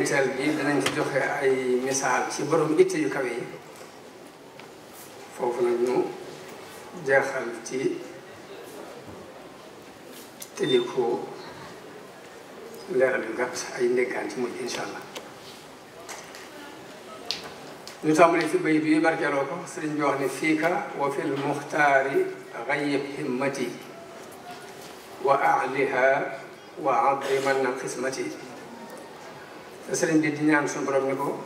ñeenteel bi danañ ci joxe ay misaal ci borom itte yu kawe yi foofu nag ñu jeexal ci tëjee ko leeral yu gàtt ay ndéggaan ci mujj incha allah ñu tàmbalee ci bay bi barkeeloo ko sëriñ bi wax ne fii ka wa fil muxtaari gayib himmati wa ahliha wa addiman qismati te sëriñ bi di ñaan suñu borom ni ko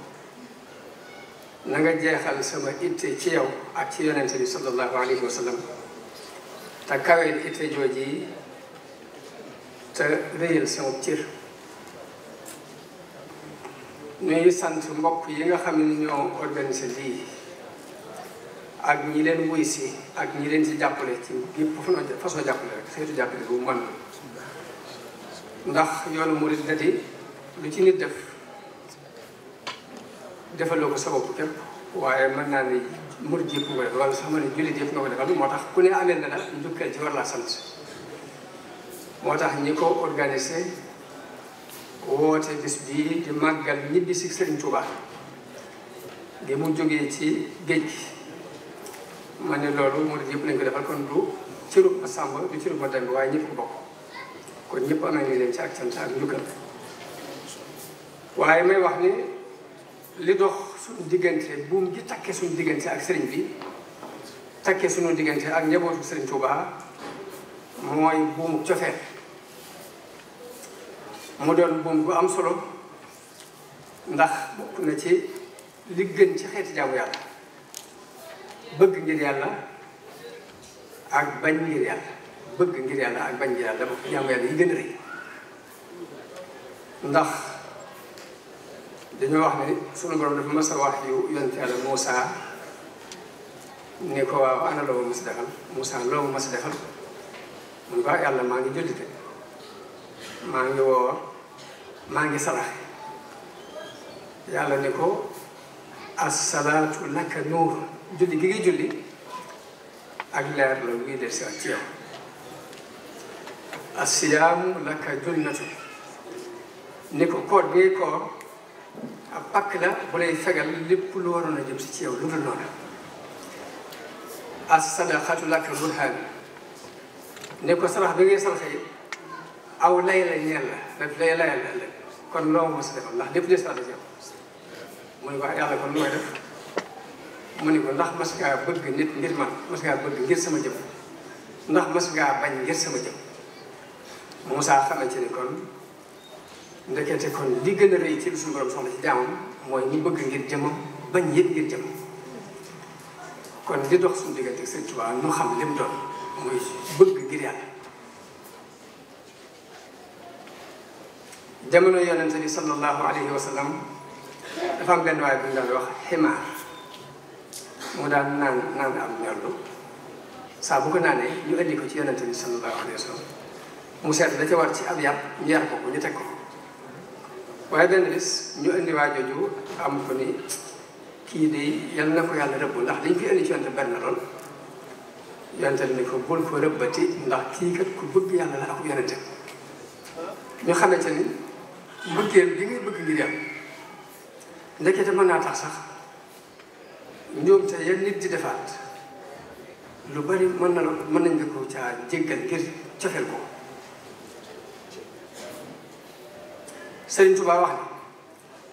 na nga jeexal sama it ci yow ak ci yonente bi sallallahu alayhi wa sallam te kaweel itte jooji yi te réyal ñuy sant mbokk yi nga xam ne ñoo organisé lii ak ñi leen wuy si ak ñi leen ci jàppale ci gépp façon jàppale rek xeetu jàppale bu mën ndax yoonu murid da lu ci nit def defaloo ko sa bopp képp waaye mën naa ne murid yëpp nga def wala sax ko defal moo tax ku ne amee na la njukkal ci war laa sant moo tax ñi ko organisé woote bis bii di màggal ñibbi si Sëriñ Tuubaa gi mu jógee ci géej gi ma ne loolu murid yëpp lañ ko defal kon du cirub ma lu du cirub ma demb waaye ñëpp ko bokk kon ñëpp amee ni leen ci ak cant ak njukkal waaye may wax ni li dox suñu diggante buum gi takke suñu diggante ak sëriñ bi takke suñu diggante ak njabootu sëriñ Touba mooy buumu cofeel mu doon buum bu am solo ndax bokk na ci li gën ci xeeti jaamu yàlla bëgg ngir yàlla ak bañ ngir yàlla bëgg ngir yàlla ak bañ ngir yàlla jaamu yàlla yi gën a rëy ndax dañoo wax ne sunu borom dafa mas a wax yu yonent yàlla Moussa ni ko ana loo ma mas a defal Moussa ma mas a defal mu ne ah, yàlla maa ngi jullite maa ngi woor maa ngi saraxe yàlla ni ko asalaatu laka nuur julli gi nga julli ak leer la muy def si ci yow asiyaamu ni ko koor bi koor ab pàkk la bu lay fegal lépp lu waroon a jëm si ci yow lu dul noonu as-sadaqatu laka burhaan ne ko sarax bi ngay saraxee aw lay la ñeel la lay layal la ëllëg kon loo mos ndax lépp des na la jëm mu ne ko ah, yàlla kon lu def mu ne ko ndax mas ngaa bëgg nit ngir man mas ngaa bëgg ngir sama jëm ndax mas ngaa bañ ngir sama jëm Moussa xamante ni kon. ndekete kon li gën a rëy ci suñu borom soxla ci jaamam mooy ñi bëgg ngir jëmam bañ yëpp ngir jëmam kon li dox suñu diggante ak Sëriñ Tuubaa ñu xam li mu doon mooy bëgg ngir yàlla jamono yonente bi sallallahu alayhi wa sallam dafa am benn waaye bu ñu daan wax ximaar mu daan naan naan am ñollu saa bu ko naanee ñu indi ko ci yonente bi sallallahu alayhi wa sallam mu seet da ca war ci ab yàpp ñu yar ko ko ñu teg ko waaye dana gis ñu indi waa jooju am ko ni kii de yal na ko yàlla rëbb ndax liñ fi indi ci yonte benn lool yonte ni ko bul ko rëbbati ndax kii kat ku bëgg yàlla la ak yonente ñu xamee ca bi mbëggeel li ngay bëgg ngir yàlla ndekete mën naa tax sax ñoom te yan nit di defaat lu bari mën na mën nañ nga ko caa jéggal ngir cofeel ko sëriñ Tuubaa wax ne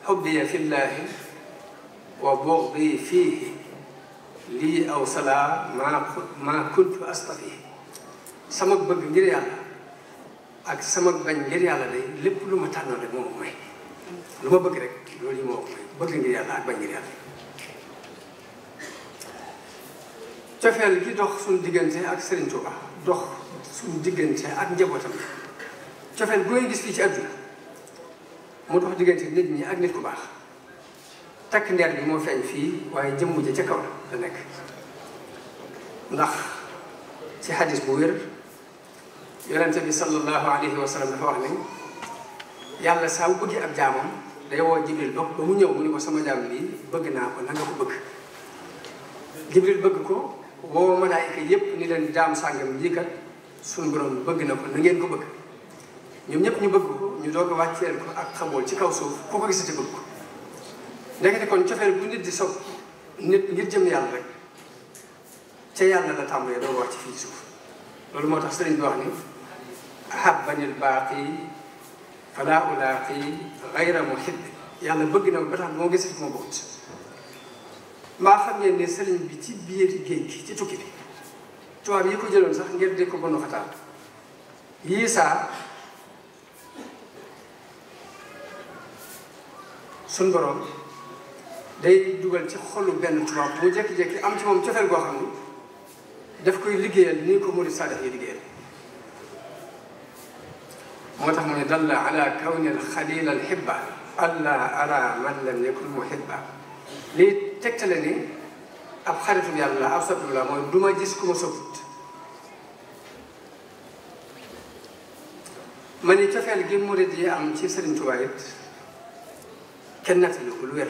xubbiya fillaahi wa bughdi fiihi lii aw salaa maa maa kuntu astafi sama bëgg ngir yàlla ak sama bañ ngir yàlla day lépp lu ma tànnal rek moo may lu ma bëgg rek loolu moo may bëgg ngir yàlla ak bañ ngir yàlla cofeel gi dox suñu diggante ak Serigne Touba dox suñu diggante ak njabootam cofeel bu ngay gis fii ci àdduna mu dox diggante nit ñi ak nit ku baax takk ndeer bi moo feeñ fii waaye jëmm ji ca kaw la nekk ndax ci xadis boobu wér yonente bi sallallahu alayhi wa sallam dafa wax ne yàlla saa bëggee ab jaamam day woo jibril ba ba mu ñëw mu ne ko sama jaam bi bëgg naa ko na ko bëgg jibril bëgg ko woo malaayika yépp ni leen jaam sàngam jii kat suñu borom bëgg na ko na ko bëgg ñoom ñëpp ñu bëgg ñu doog a wàcceel ko ak xamoon ci kaw suuf ku ko gisati bëgg ko ndekete kon cofeel bu nit di sopp nit ngir jëm yàlla rek ca yàlla la tàmbalee doog a ci fii suuf loolu moo tax sëriñ bi wax ni ahabanil baaqi fala ulaaqi gayra muhibbi yàlla bëgg na ba tax moo gisati moo bëggut maa xam ngeen ne sëriñ bi ci biir géej ci tukki bi tubaab yi ko jëloon sax ngir di ko bon xataal yii saa suñ borom day dugal ci xolu benn tubaab bu jékki-jékki am ci moom cofeel goo xam daf koy liggéeyal ni ko murid saadax yi liggéeyal moo tax mu ne dalla ala kawni alxalil ara man lam yakun muhibba lii tegtale ni ab xaritu yàlla la ab soppi la mooy du ma gis ku ma sopput ma ni cofeel gi murid yi am ci Sëriñ Tuubaa kenn nettali ko lu wér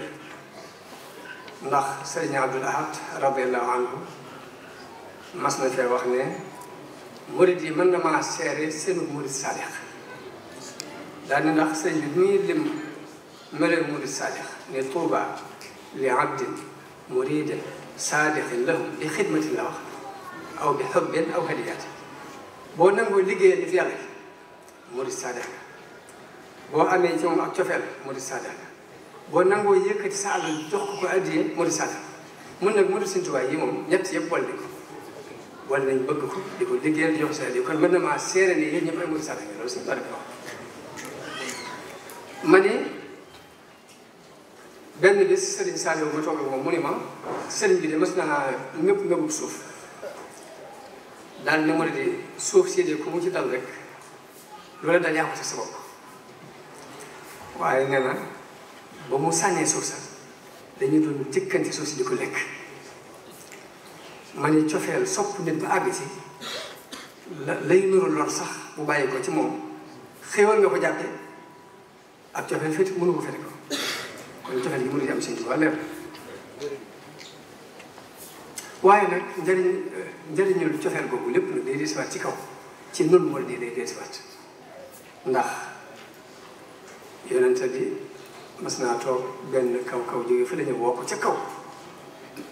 ndax sëriñ Abdul Ahad radiallahu anhu mas na fee wax ne murid yi mën na maa seere seenu murid saadix daal ne ndax sëriñ bi muy lim melee murid saadix ne tuuba li abdin muridin saadixin lahum bi xidmatin la wax aw bi xubbin aw hadiyaat boo nangoo liggéeyee li fi yàlla murid saadix boo amee ci moom ak cofeel murid saadix boo nangoo yëkkati sa alal jox ko ko addiya moo di sàkk mun nag moo di Sëñ Tuubaa yi moom ñett yëpp wal nañ ko wal bëgg ko di ko liggéeyal jox sa addiya kon mën na maa seere ne yéen ñëpp ay moo di ma ne benn bés Sëriñ Saliou ma toog moom mu ne ma sëriñ bi de mas naa ñëpp ngëbub suuf daal ne ma di suuf si de ku mu ci dal rek loolu daal yaa ko sa bopp waaye nee na ba mu sànnee suuf sax dañu doon jëkkante suuf si di ko lekk ma ni cofeel sopp nit ba àgg si la lay nuru lor sax bu bàyyi ko ci moom xéewal nga ko jàppe ak cofeel féete mënu ko fete ko kon cofeel gi mënu di am seen tubaab leer waaye nag njëriñ njëriñul cofeel boobu lépp nag ci kaw ci nun moo di day desiwaat ndax yonente mas naa toog benn kaw-kaw jógee fële ñu woo ca kaw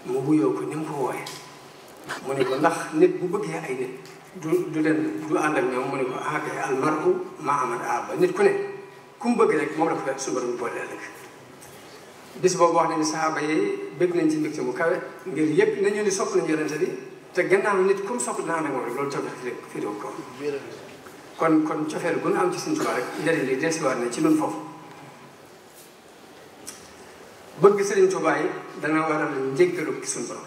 mu wuyoo ko ni mu ko wooye mu ne ko ndax nit bu bëggee ay nit du du leen du ànd ak ñoom mu ne ko ah kay almarhu a amal aaba nit ku ne ku mu bëgg rek moo la ko fekk su borom boole ëllëg bis boobu wax nañu saxaaba yi bëgg nañ ci mbégte mu kawe ngir yëpp nañu ni sopp nañu yonente bi te gannaaw nit ku mu sopp dinaa ne moom rek ko kon kon cofeel gu nu am ci suñu tubaab rek njëriñ li desiwaat na ci ñun foofu. bëgg Sëriñ Tuubaa yi dana waral njéggalu ci suñu borom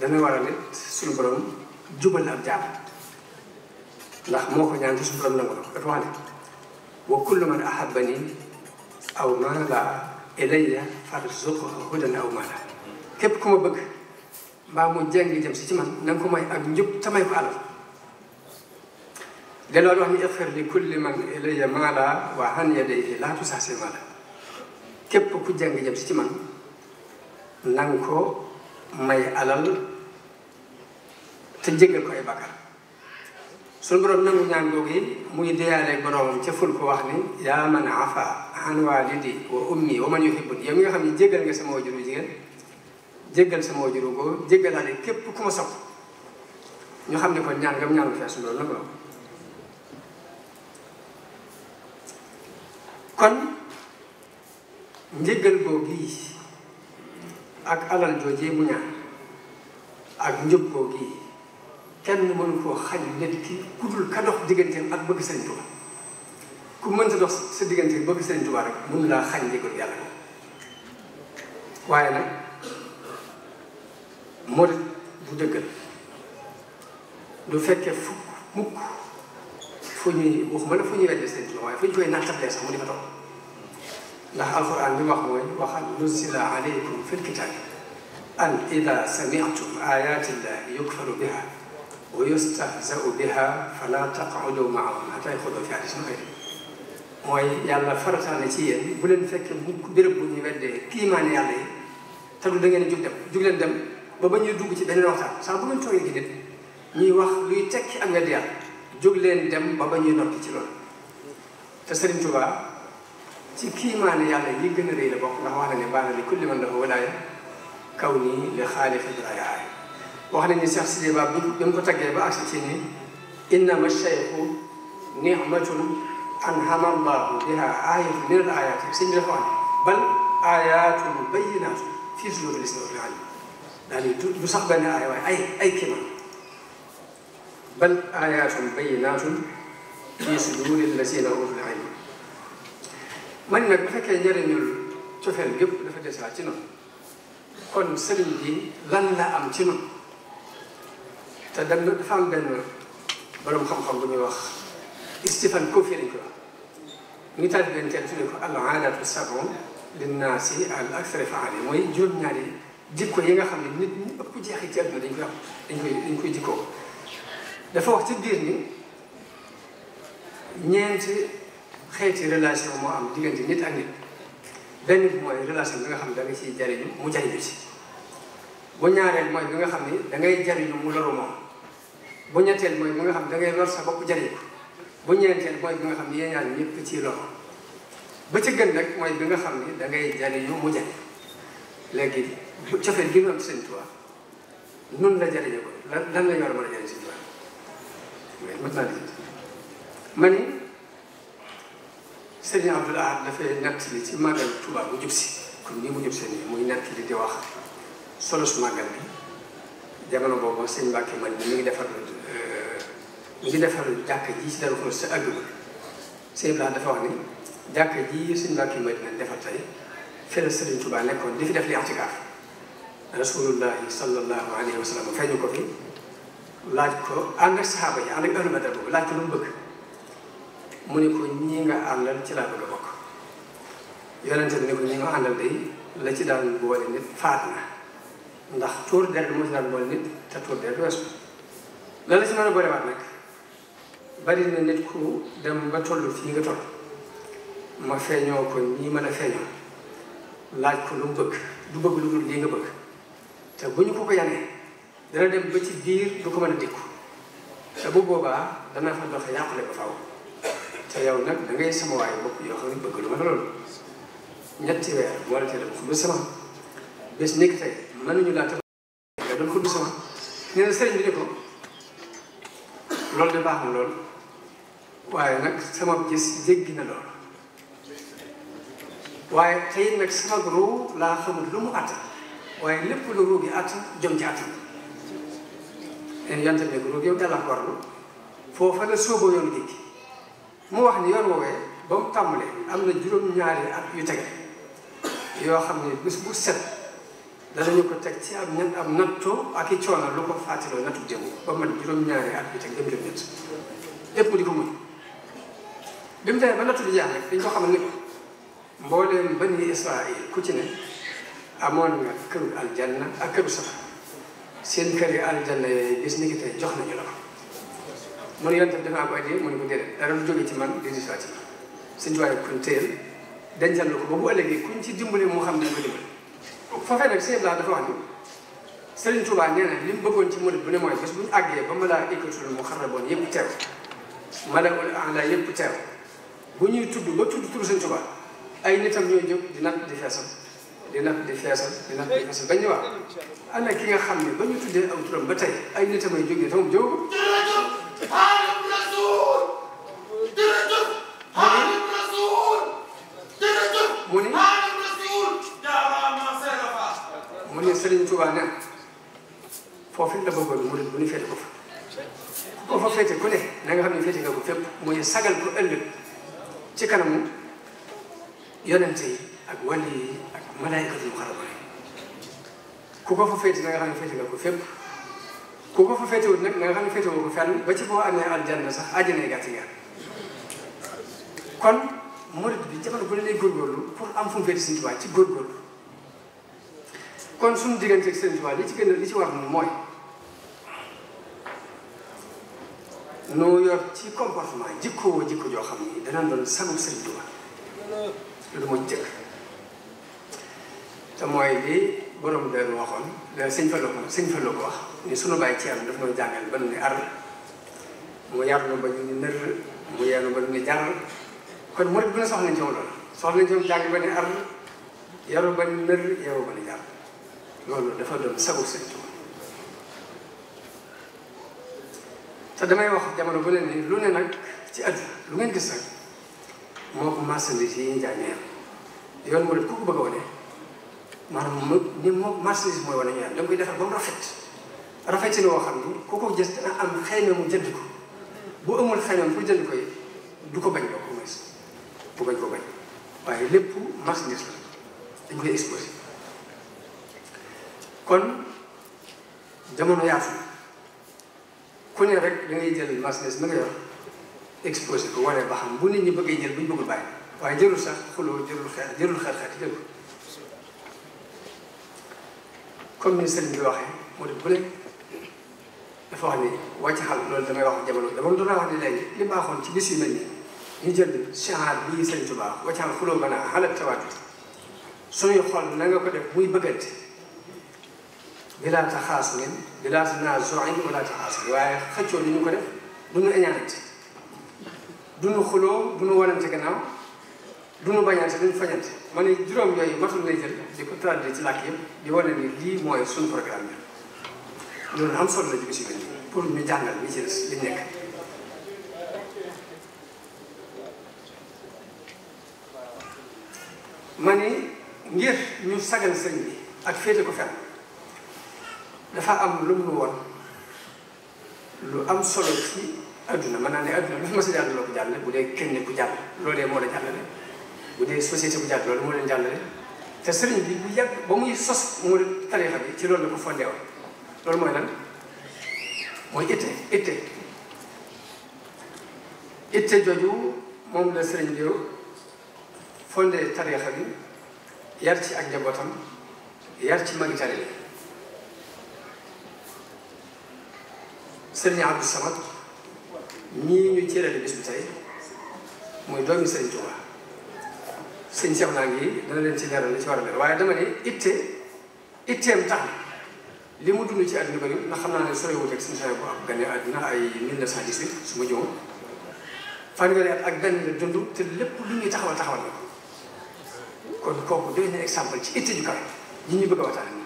dana waral it suñu borom jubal ak jaam ndax moo ko ñaan ci suñu borom nangu dafa wa kullu man ahabbani aw maala ilayya farzuqhu hudan aw maala képp ku ma bëgg mbaa mu jeng si ci man na nga ko may ak njub te may ko alal ni ixfir li kulli man ilayya maala wa an yadayhi laa tusaasi maala képp ku jëng jëm si ci man nanga ko may alal te jéggal ko ay bakkar suñu borom nangu ñaan googu yi muy deyaale boroom ca ful ko wax ni yaa man afa an walidi wa ummi wa man yuhibbun yow mi nga xam ni jéggal nga sama wajuru jigéen jéggal sama képp ku ma sopp ñu xam ne kon ñaan ngam ñaan nga fee suñu borom nangu la kon njëggal koo gii ak alal joojee mu ñaar ak njëg koo gii kenn mënu koo xañ nit ki ku dul ka dox digganteem ak bëgg Sëriñ Tuubaa ku mënta dox sa diggante bëgg Sëriñ Tuubaa rek mënu laa xañ njëggal yàlla ko waaye nag moo de du dëggal du fekkee fukk mukk fu ñuy waxuma la fu ñuy wedde Sëriñ Tuubaa waaye fu ñu koy naattablee sax mu di fa topp ndax alquran bi wax mooy waxal nuzila alaykum fi lkitaabi an ida samitum ayati llahi yukfaru biha wa yustahzau biha fala taqudu maahum hatay xudo fi hadis nu xëy mooy yàlla farataane ci yéen bu leen fekkee mukk béréb bu ñu weddee kiimaane yàlla yi te du da ngeen jug dem jug leen dem ba ba ñuy dugg ci beneen waxtaan saa bu ngeen toogee ci nit ñuy wax luy tekki ak wedd yàlla jug leen dem ba ba ñuy noppi ci loolu te Sëriñ Tuubaa ci kiimaane yàlla yi gën la bokk ndax wax na ne baana li kulli man dafa walaaya kaw nii li xaalix ibrahima aay wax nañ ne Cheikh Sidi Ba bi mu ko taggee ba agsi ci ni innama cheikhu nicmatun anhama allahu biha aayatu min al ayaati sëñ bi dafa wax ne bal aayatun bayinaatu fii suluuri lisnawil alim daal di du sax benn aaya waaye man nag bu fekkee njëriñul cofeel gépp dafa desaat ci noonu kon sëriñ bi lan la am ci noonu te dem dafa am benn borom xam-xam bu ñuy wax Stéphane Kofi lañ ko wax ñu tàggatoo teel tuddee ko al aadatu sabon linnaasi al akthari faali mooy juróom-ñaari jikko yi nga xam ne nit ëpp jeexi ci àdduna dañ koy am ko koy ko koy jikkoo dafa wax xeeti relation moo am diggante nit ak nit benn bi mooy relation bi nga xam danga da nga ciy jariñu mu jariñu ci bu ñaareel mooy bi nga xam ni da ngay jariñu mu loru moom bu ñetteel mooy bi nga xam ne da ngay lor sa bopp jariñu bu ñeenteel mooy bi nga xam ne yéen ñaar ñëpp ciy loru ba ci gën nag mooy bi nga xam ni dangay ngay jariñu mu jariñ léegi cofeel gi seen tuwa nun la jariñu ko lan lan la ñu war a mën a jariñ seen tuwa mais mat sëñ Abdoul Ahad dafay nettali ci màggal Tuubaa bu jub si kon nii mu jub si nii muy nettali di wax solo su màggal bi jamono boobu sëñ Mbàkke man mi ngi defar euh, mi ngi defar jàkk ji si dara ko sa àgguma sëñ Abdoul Ahad dafa wax ni jàkk ji sëñ Mbàkke man dina defar tey fële sëriñ Tuubaa nekkoon di fi def li i'tikaaf rasulullahi sallallahu alayhi wa sallam feeñu ko fi laaj ko ànd ak saxaaba yi ànd ak ëllëg boobu laaj ko lu mu bëgg mu ne ko ñii nga àndal ci laa bëgg a bokk yonente bi ne ko ñi nga àndal day la ci daan boole nit faat na ndax tuur der bi moo ci daan boole nit te la la ci mën na nit ku dem ba toll fii nga toll ma feeñoo ko ñii mën a feeñoo laaj ko lu mu bëgg du bëgg lu dul lii nga bëgg te bu ñu ko ko yanee dana dem ba ci biir du ko mën a dikku te bu boobaa dana fa doxe yàqule ba faw te yow nag da ngay sama waay bopp yoo xam ne bëgg lu ma la loolu ñetti weer moo a xutba sama bés nekk tey mënuñu laa tabax nga doon xutba ko loolu de baax na lool waaye nag sama gis jéggi na lool waaye tey nag sama ruu laa xamul lu mu attan waaye lépp lu ruu gi attan jom ci attan en yonte ne ko ruu gi yow gàllankoor lu foofa la sóoboo yoon géej mu wax ni yoon woowee ba mu tàmbalee am na juróom-ñaari at yu teg yoo xam ne bis bu set danañu ko teg ci am ñett am nattoo ak i coono lu ko fàttaloo nattu démb ba man juróom-ñaari at yu teg dem dem ñett lépp mu di ko muñ bi mu xam ne mbooleem bani Israayil ku ci amoon nga këru ak këru safara seen kër jox nañu la ko man yonent bi dafa ko addee mu ne ko déedéet dara lu jógee ci man di ci waat suñu tuwaay kuñ téyel dencal la ko ba bu ëllëgee kuñ ci dimbali moo xam ne ko dimbali foofee nag sëñ Blanc dafa wax ni Serigne Touba nee na li mu bëggoon ci murid bu ne mooy bés bu ñu àggee ba malaa'ikatul muqarraboon yëpp teew malaa'ul a'laa yëpp teew bu ñuy tudd ba tudd turu Serigne Touba ay nitam ñooy jóg di natt di feesal di natt di feesal di natt di feesal ba ñu wax ana ki nga xam ne ba ñu tuddee aw turam ba tey ay nitam ay jógee taw jóg Tuubaa nag foofu la bëggoon murit bu ñu féete ko fa ku ko fa féete ku ne da nga xam ne féete nga ko fépp muy sagal ko ëllëg ci kanamu yonente yi ak wàll yi ku ko fa féete da nga xam ne féete nga ko fépp ku ko fa féetewut nag da nga xam ne féetewoo ko fenn ba ci boo amee aljanna sax àjjana gàtt nga kon am fu mu féete Sëñ Tuubaa ci góorgóorlu kon suñu diggante ak Sëriñ Tuubaa li ci gën a li ci war na mooy nu yor ci comportement jikkoo jikko joo xam ni danañ doon sagub Sëriñ Tuubaa loolu mooy jëkk te mooy li borom benn waxoon da sëñ Fallu ko sëñ Fallu ko wax ni sunu bàyyi ci yàlla daf noo jàngal ba nu ni ar mu yar nu ba ñu nër mu yar ba ñu jar kon murit ba ni nër yaru ba ni jar loolu dafa doon sagu sëñ te damay wax jamono bu leen ni lu ne nag ci àdduna lu ngeen gis nag moo ko marchandise yi ñu jaay ñooyam yoon moo def ku ko bëgg a ni moo marchandise mooy wane ñooyam da koy defar ba rafet rafet ci xam ni ku ko gis dina am xëy na mu jënd ko bu amul xëy na jënd ko du ko bañ ba ko mu bu bañ ko bañ waaye lépp marchandise la dañ koy exposé kon jamono yaatu ku ne rek da ngay jël marchandise mi nga yor exposé ko waree ba xam bu nit ñi bëggee jël bu ñu bëggul bàyyi waaye jërul sax xuloo jërul xeex jërul xeex-xeex comme ni sëriñ bi waxee mu ne bu xal loolu damay wax jamono jamono danaa wax ni léegi li baaxoon ci bis yi mel ñu jël chaar bii sëriñ Tuubaa wàcc xal xuloo banaa xalat tawaat suñuy xool nanga nga ko def muy bëggante di xaas taxaas ngeen di laa tanaazu'in wala taxaas waaye xëccoo li ñu ko def duñu añaanante duñu xuloo dunu wanante gannaaw duñu bañante duñu fañante ma ne juróom yooyu matul lay jël di ko traduire ci làkk yëpp di wane am solo la ci bisi bi pour ñu jàngal ñi ci des nekk ma ne ngir ñu sagal sëñ bi ak féete ko fenn dafa am lu mu woon lu am solo ci adduna mën naa ne adduna lu fi mos a jàll loo ko jàll bu dee kenn ku jàll moo la jàllale bu dee société bu jàll loolu moo leen jàllale te sëriñ bi bu yàgg ba muy sos mu tarixa bi ci loolu la ko fondé woon loolu mooy lan mooy itte itte itte jooju moom la sëriñ bi fondé tarixa bi yar ci ak njabootam yar ci magi tari Serigne Abdou Samad ñii ñu cërale bis bi tey muy doomi Serigne Touba sëñ Cheikh naa ngi dana leen ci leeral li ci war a leer waaye dama de itte itteem tax li mu dund ci àdduna bëri ndax xam naa ne soriwut ak suñu saa bu am gane àdduna ay 1918 su ma jëmoon fanweeri at ak benn la dund te lépp lu ñuy taxawal taxawal la kon kooku doy na exemple ci itte ju kawe ñi ñu bëgg a waxtaan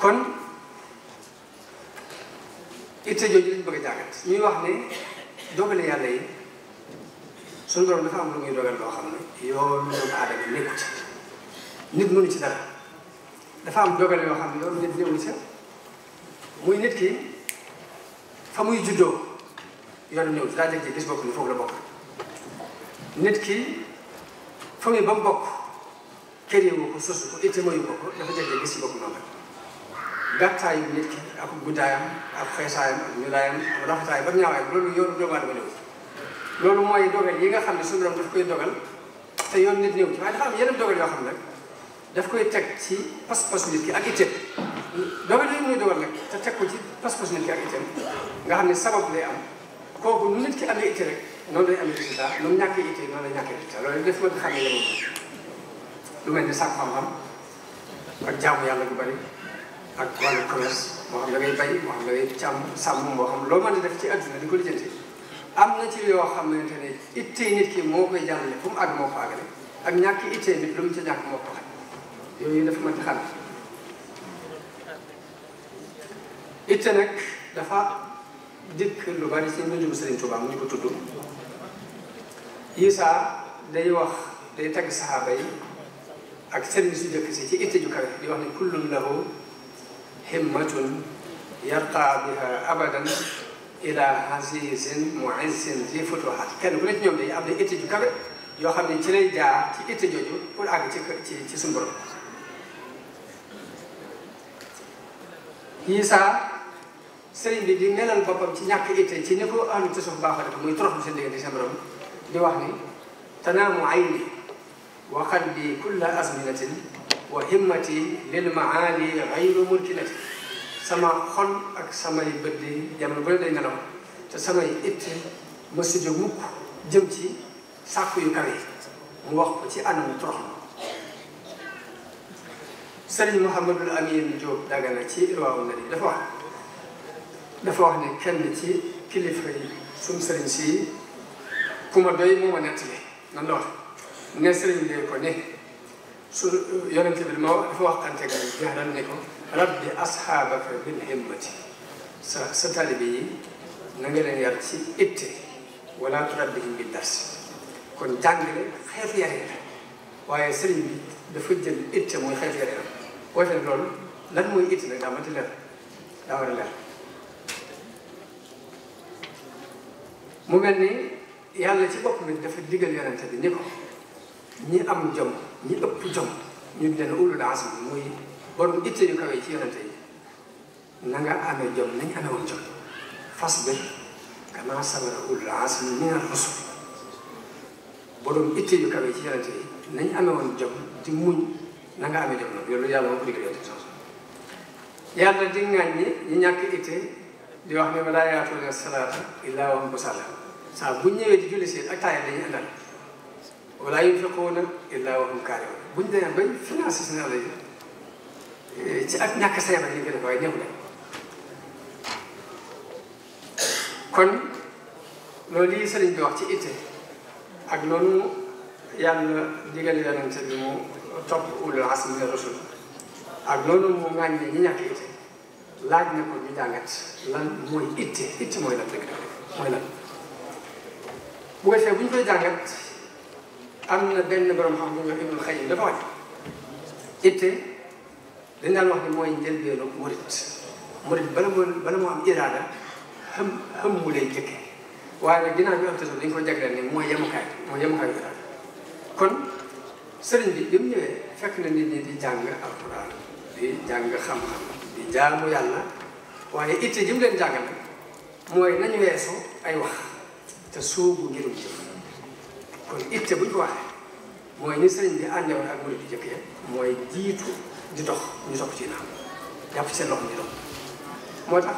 kon itte jooju lañ bëgg a jàngat ñuy wax ne dogale yàlla yi suñu borom dafa am lu muy dogal loo xam ne yow lu nit mënu ci dara dafa am dogale yoo xam ne yow nit néewu nit ki fa muy juddoo yoonu ñëw daa jeg gis bokk la bokk nit ki famille ba mu bokk kër yi ko suusu ko itte mayu ko dafa bokk noonu gàttaayu nit ki ak guddaayam ak xeesaayam ak ñulaayam ak rafetaay ba ñaawaay loolu yoonu doomu aadama néew loolu mooy dogal yi nga xam ne suñu borom daf koy dogal te yoon nit néew ci waaye dafa am yeneen dogal yoo xam ne daf koy teg ci pas-pas nit ki ak itteem dogal yooyu muy dogal nag te teg ko ci pas-pas nit ki ak itteem nga xam ne sabab lay am kooku nu nit ki amee itte rek noonu lay amee résultat nu mu ñàkkee itte noonu la ñàkkee résultat loolu daf mën xam ne lu mel ni sàkk xam-xam ak jaamu yàlla bu bari ak wàllu commerce moo xam da ngay bay moo xam da ngay càmm sàmm moo xam loo mën di def ci àdduna di ko lijjanti am na ci yoo xamante ne ittee nit ki moo koy jàllale fu mu moo ko ak ñàkk ittee nit lu mu ca ñàkk moo ko xaj yooyu dafa mën nag dafa dikk lu bari ci mbindum Sëriñ Tuubaa mu ñu ko tudd Isaa day wax day tagg saxaaba yi ak sëriñ su jëkk si ci itte ju kawe di wax ne kullun lahu himmatun yarqa biha abadan ila azizin muizzin zi futuhat kenn ku nekk ñoom dañu am na itte ju kawe yoo xam ne ci lay jaar ci itte jooju pour àgg ci ci ci suñu borom Isaa sëriñ bi di melal boppam ci ñàkk itte ci ni ko ahlu tasawuf baaxoo def muy toroxlu seen diggante seen borom di wax ni tanaamu ayni wa qalbi kulla azminatin wa himmati lil maali xayru mulkinati sama xol ak samay bët di jamono bu ne day nelaw te samay it ma si jóg mukk jëm ci sàkku yu kawe yi mu wax ko ci anam toroxlu sëriñ Mouhamadul Amin Diop Dagana ci Irwaawu Nadi dafa wax dafa wax ne kenn ci kilifa yi suñu sëriñ si ku doy moo ma nettali nan la wax ne sëriñ bi ko ne su yonente bi ma dafa waxante ga jaaran ne ko rabbi asxaabaka bil himmati sa sa talibe yi na nga leen yar ci itte wala turabbihim bi darsi kon jàngale xeetu yaree la waaye sëriñ bi dafa jël itte muy xeetu yaree la woote loolu mooy itte nag daa mati leer a leer mu mel ni yàlla ci bopp bi dafa digal yonente bi ni ko ñi am jom ñi ëpp jom ñu leen ulul azm muy borom itte yu kawe ci yonente yi na amee jom nañ amee woon jom di muñ na nga amee jom loolu yàlla moo ko digal yonente soosu yàlla di ŋàññi ñi ñàkk itte di wax ne wala yaatuuna salaata illaa wa hum kusaalaa saa bu ñëwee di julli seen ak taaya dañuy àndal wala yunfiquuna illa wa hum kaarihuun bu ñu demee bay financé suñu àll yi eh, ci ak ñàkk seeba ñu ngi waaye néew la kon loolu yi sëriñ bi wax ci itte ak loolu yàlla digal yonente bi mu topp ulul azmi mina rusul ak loolu mu ŋàññi ñi ñàkk itte laaj na ko ñu jàngat lan mooy itte itte mooy lan dëgg mooy lan bu ko defee koy jàngat am na benn borom xam bu ñu wax Ibnul Xayyim dafa wax itte dañ daan wax ni mooy njëlbeenu murit murit bala moo bala moo am iraada xam xam mu lay jëkke waaye nag bi dañ ko jagleel ni mooy yemukaay mooy yemukaay iraada kon sëriñ bi fekk na di jàng alxuraan di jàng yàlla waaye itte ji mu leen jàngal mooy nañu weesu ay wax te soobu ngirum jëf kon itte bu ñu ko waxee mooy ni sëriñ bi àndewoon ak murid yi jëkkee mooy jiitu di dox ñu topp ci naam jàpp ci seen loxo ñu dox moo tax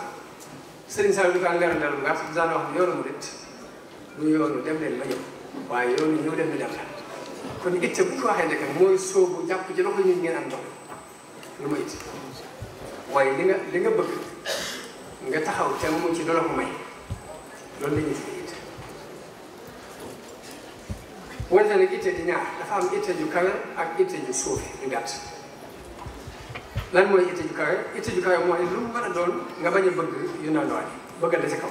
sëriñ Saliou di dem leen ba waaye yoonu ñëw dem ñu dem kon itte bu ñu ko waxee dëkk mooy soobu jàpp ci loxo ñun am dox lu ma itte waaye li nga li nga bëgg nga taxaw te mu ci dolo ko may loolu la wante nag itte di ñaar dafa am itte ju kawe ak itte ju suufe ñu gàtt lan mooy itte ju kawe itte ju kawe mooy lu mën doon nga bañ a bëgg yu nandoon bëgg a da ci kaw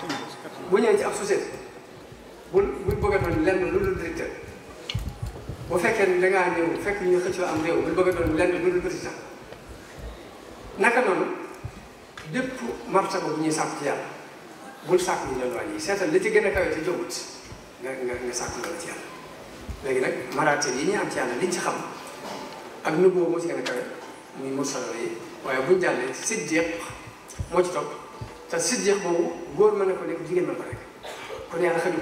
bu ñëwee ci bu bu bëgg lenn lu dul directeur bu fekkee ne dangaa bu fekk ñu xëccoo am réew bu bëgg a doon lenn lu dul président naka noonu bépp martaba bu ñuy sàkk ci yàlla bul sàkk ñu nandoon yi seetal li ci gën a kawe te jógut nga nga nga sàkk ci yàlla léegi nag maraatib yi ñu am ci yàlla liñ ci xam ak nu moo ci gën a kawe muy mursala waaye buñ jàllee siddiq moo ci topp te siddiq boobu góor mën na ko nekk jigéen mën ko nekk kon yàlla xaju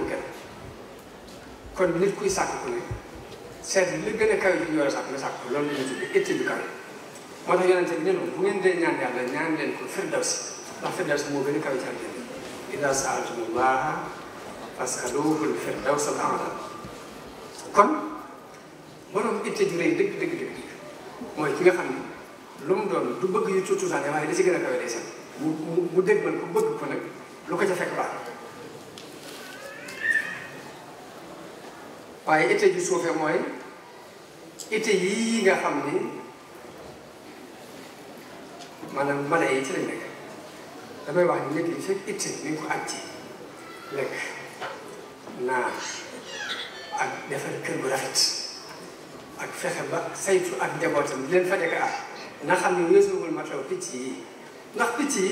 ko nit kuy sàkk ku ne seet li gën a kawe ji ñu war a sàkk ko loolu lañu tudde étude bi kawe moo tax yonente bi ne noonu bu ngeen dee ñaan yàlla ñaan leen ko firdaws ndax firdaws moo gën a kawe ci àjjana idaa saaltumullaaha fasaluuhu l firdawsal a'laa comme borom itte ju rëy dëgg dëgg dëgg mooy ki nga xam ni lu mu doon du bëgg yu tuuti saane waaye da ci gën a kawe day sax mu mu mu dégg man ko bëgg ko nag lu ko ca fekk baax waaye mooy itte yii nga xam ni maanaam mala yi ci lañ nekk damay wax ni nit yi fekk itte lekk naan ak defar kër gu rafet ak fexe ba saytu ak njabootam di leen fa dëkk ah na xam ne weesuwul matelas picc yi ndax picc yi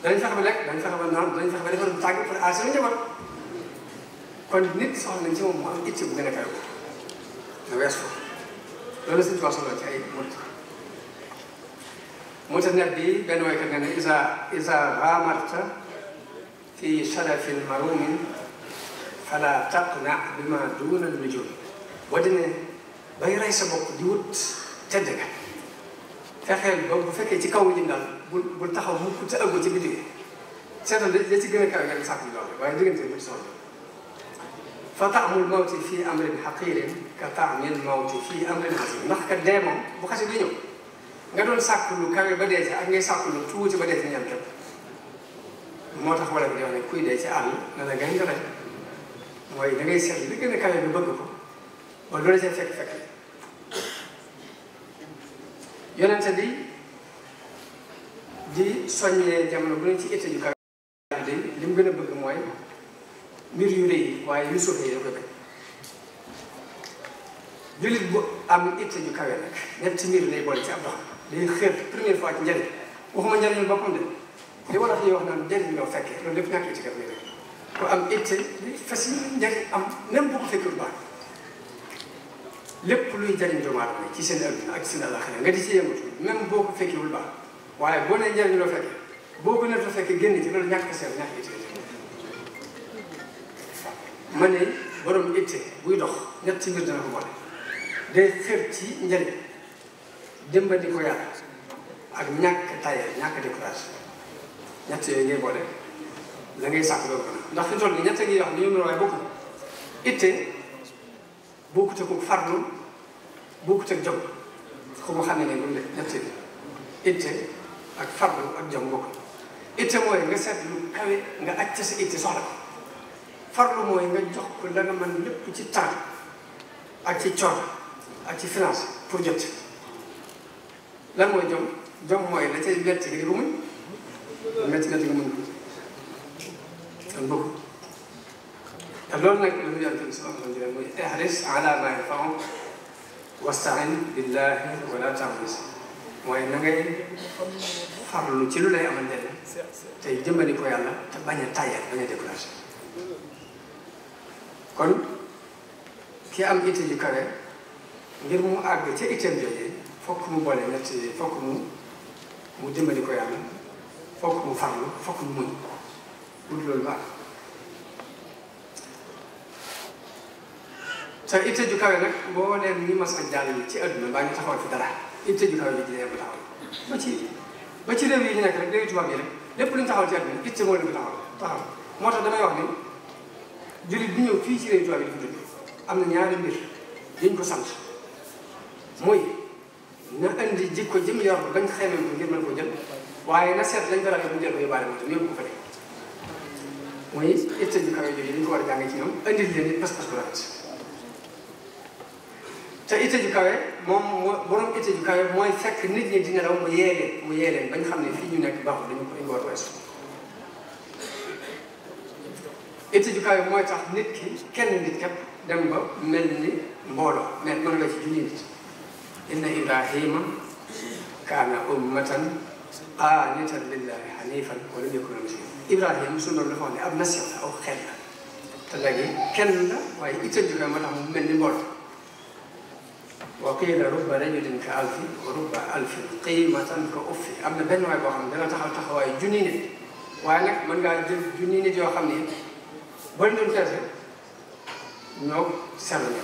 danañ fexe ba lekk danañ fexe ba naan danañ fexe ba defar bu tàgg pour aar seen njaboot kon nit soxla nañ ci moom mu am itti bu gën a kawe na wees ko loolu suñu wax soxla ci ay mot moo tax net bi benn woykat nga ne isa isa ramarta fi sharafin marumin fala taqna bi ma duuna nujum boo demee bay rey sa bopp di wut tedd nga fexeel ba bu fekkee ci kaw ji daal bul bul taxaw mukk te ëggu ci bi digee seetal da ci gën a kaw nga sàkk ji loolu waaye diggante bu ci soxla fa taamul mawti fii amrin xaqirin ka taamil mawti fii amrin xaqirin ndax ka dee moom bu xasee di ñëw nga doon sàkk lu kawe ba dee ci ak ngay sàkk lu tuuti ba dee ci ñam képp moo tax wala bi di wax ne kuy dee ci àll na la gën nga rek waaye da ngay seet li gën a kawe ñu bëgg ko ba loolu seen fekk fekk yonente bi di soññee jamono bu ne ci itte ju gën a bëgg mooy mbir yu waaye yu suuf yi jullit bu am itte ju kawe nag ñetti mbir lay boole ci ab dox day xër première fois ci njëriñ waxuma njëriñu boppam de li war a fi wax naan njëriñ ñoo fekkee loolu lépp ñàkk ci kër pour am itte luy fas yi am même bu ko fekkul baax lépp luy jëriñ doomu aadama ci seen adduna ak seen àllaxira nga di ci yëngatu même boo ko fekkewul baax waaye boo nee njëriñ loo fekkee boo ko nekkul fekkee génn ci loolu ñàkk seen ñàkk ne borom itte buy dox ñetti mbir dana ko boole day ko yàlla ak ñàkk tayal ñàkk décourage ñett yooyu ngay boole. la ngay sàkk loolu ndax fi mu toll ngi wax ni ñu waaye bokkul itte bokkut farlu bokkut ak jom ku xam ne ne loolu la ñett yi ak farlu ak jom bokkul mooy nga seet lu kawe nga acc sa itte soxla ko farlu mooy nga jox ko la nga mën lépp ci temps ak ci coor ak ci finance pour jot lan mooy jom jom mooy la cay métti gi di ko muñ métti métti gi muñ seen bopp te loolu nag lu yàlla tamit sama xamante ne mooy ihris ala ma yanfa'u wastain billahi wala ngay farlu ci lu lay amal njëriñ te jëmbali ko yàlla te bañ a tàyyal bañ a kon ki am itte yu kawe ngir mu àgg ca itteem jooju fokk mu boole ñett fokk mu mu jëmbali ko yàlla fokk mu farlu fokk mu muñ loolu baax sa itte ju kawe nag boo nee ni mas a jàll ci adduna baa ñu taxawal fi dara itte ju kawe ji dinañ ko taxawal ba ci ba ci réew yi nekk rek réew tubaab yi lu ñu taxawal ci adduna itte moo leen ko taxawal moo tax damay wax ni jullit bi ñëw fii ci réew tubaab yi dafa dund am na ñaari mbir dañ ko sant mooy na andi jikko jëm yor bañ xamee ko ngir mën koo jël waaye na seet lañ ko ragal bu ñu jël ko yóbbaale ko fa de muy itte ju kawe jooju ñu ko war a jàng ci ñoom indil leen it pas-pas bu rafet te itte ju kawe moom moo borom itte mooy fekk nit ñi di nelaw mu yee mu yee leen xam ne fi ñu nekk baaxul dañu ko dañu ko war a weesu. itte mooy tax nit ki kenn nit képp dem ba mel ni mbooloo mais mën la ci junni nit inna ibrahima kaana ummatan qaanitan lillahi hanifan wa lam yakun mushrika Ibrahima suñu doom dafa wax ne ab nation la aw xel la te kenn la waaye itam jugee ma tax mu mel ni mbool wa qiila rubba rajulin ka alfi wa rubba alfi qiimatan ka uffi am na benn waay boo xam ne dana taxaw taxawaayu junni nit waaye nag mën ngaa jël junni nit yoo xam ne bari nañu tase ñoo seetlu na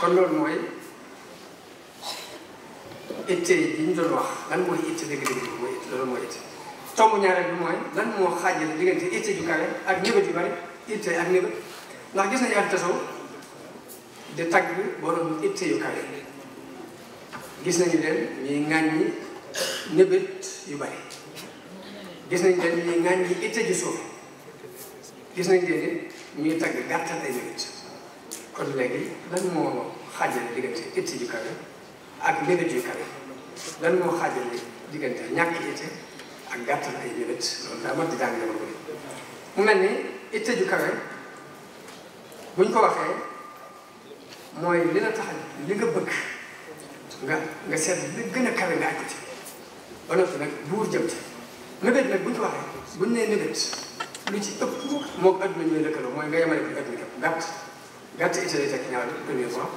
kon loolu mooy itte yi ñu doon wax lan mooy itte dëgg-dëgg mooy itte loolu mooy itte tomb ñaareel bi mooy lan moo xaajale diggante itte ju kawe ak nëbët yu bari itte ak nëbët ndax gis nañu ak tasaw di tagg borom itte yu kawe gis nañu leen ñuy ŋàññi nëbët yu gis nañu leen ñuy ŋàññi itte ju suuf gis nañu leen ñuy tagg gàttal ay nëbët kon léegi lan moo xaajale diggante itte ju kawe ak nëbët yu kawe lan moo xaajale diggante ñàkk itte ak gàttal ay mu mel ni itte ju kawe buñ ko waxee li la tax li nga bëgg nga seet li gën a kawe nga àgg buur jëm ci mébét nag buñ ko waxee nee mébét lu ci ëpp moog adduna ñooy lëkkaloo mooy nga yemale ko adduna képp gàtt gàtt itte lay tekk ñaar premier point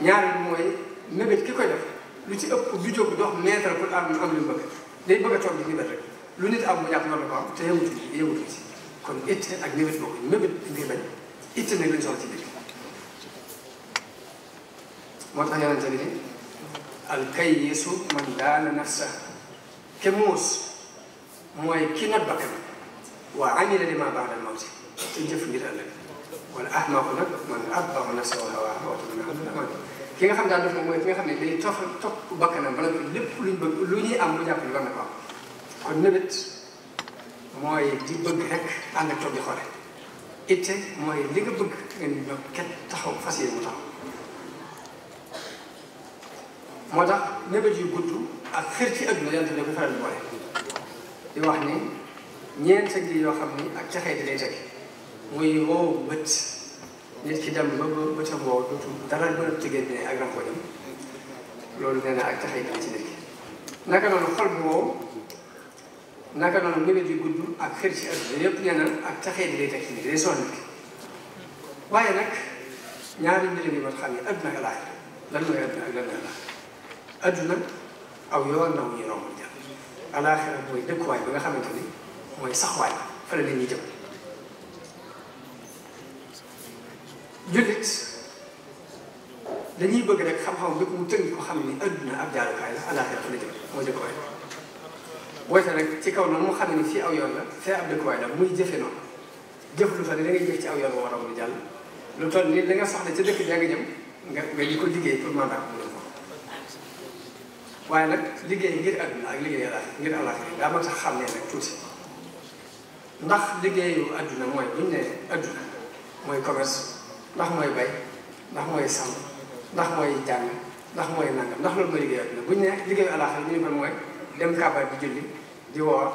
ñaareel mooy mébét ki koy def lu ci ëpp du jóg dox meetar pour am am li mu bëgg day bëgg a toog di rek lu nit am mu ñàkk noonu ko am te yëngatu yëngatu ci kon itte ak mébét boobu mébét bi bañ itte nag lañ soxla ci biir moo tax yonente bi ni al kayyisu man daana nafsa ke muus mooy ki nag bakkan waa amila xam daal mooy ki nga xam ne lu ñuy am lu jàpp kon mébét mooy di bëgg rek ànd ak toog di xoole itte mooy li nga bëgg nga ni taxaw fas yéene mu taxaw moo tax mébét yu gudd ak xër ci àdduna yàlla ne ko faral di boole di wax ni ñeent ak yi yoo xam ni ak caxee di lay teg muy wow bët nit ki dem ba ba bëtam wow dootu dara mën a tëggee ne ak rankoo loolu nee na ak caxee di ci nit ki noonu xol bu wow naka noonu nawet bi gudd ak xër ci adduna yëpp nee ak taxee di lay teg ci nit day sonn nit waaye nag ñaari mbir yi mat xam ne adduna ak laaj lan mooy adduna ak lan mooy laaj adduna aw yoon na wu ñu romb jàll alaaxira mooy dëkkuwaay bi nga xamante ni mooy saxwaay fa la nit ñi jëm bëgg rek xam-xam bépp mu tënk ko xam ni adduna ab jaarukaay la alaaxira fa la jëm moo dëkkuwaay booy sa rek ci kaw noonu mu xam ne fii aw yoon la fee ab dëkkuwaay la muy jëfe noonu jëf lu fa ne da ngay jëf ci aw yoon woo waram jàll lu toll nii da nga soxla ca dëkk bi nga jëm nga nga di ko liggéey pour mandat ko mun nag liggéey ngir àdduna ak liggéey àlla ngir àllaaxira daa mën sax mooy buñ ne àdduna mooy commerce ndax mooy bay ndax mooy sàmm ndax mooy jàng ndax mooy nangam ndax loolu mooy liggéeyu àdduna buñ ne liggéeyu àllaaxira ñu ne mooy dem kàbbaay di julli di woor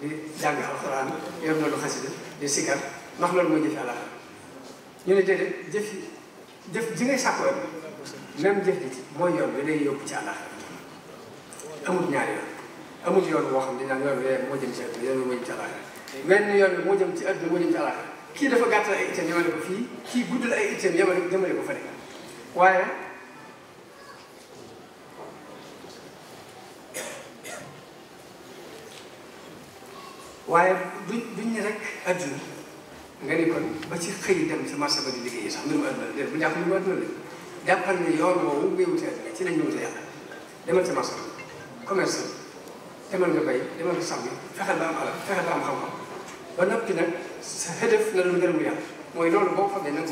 di jàng alxuraan yor na lu xasida di sikar ndax loolu mooy jëfi àllaaxira ñu ne déedéet jëf jëf ji ngay sàkkoo même jëf ji mooy yoon bi day yóbbu ci àllaaxira amul ñaari yoon amul yoon boo xam ne daal yoon bi moo jëm ci àdduna yoon bi moo jëm ci àllaaxira benn yoon bi moo jëm ci àdduna moo jëm ci àllaaxira kii dafa gàttal ay itteem yemale ko fii kii guddal ay itteem yemale ko jëmale ko fa waaye waaye duñ bu ne rek àdduna nga ni kon ba ci xëy dem sa marché ba di liggéeyi sax mbirum àdduna déedéet la jàppal ne yoon woowu ngay wute àdduna ci lañ ñu sa marché commerce demal nga bay demal nga sàmm fexe ba am alal fexe ba am ba noppi nag sa xëdëf na doon ngërëmu yàlla mooy loolu boo ko xamee nag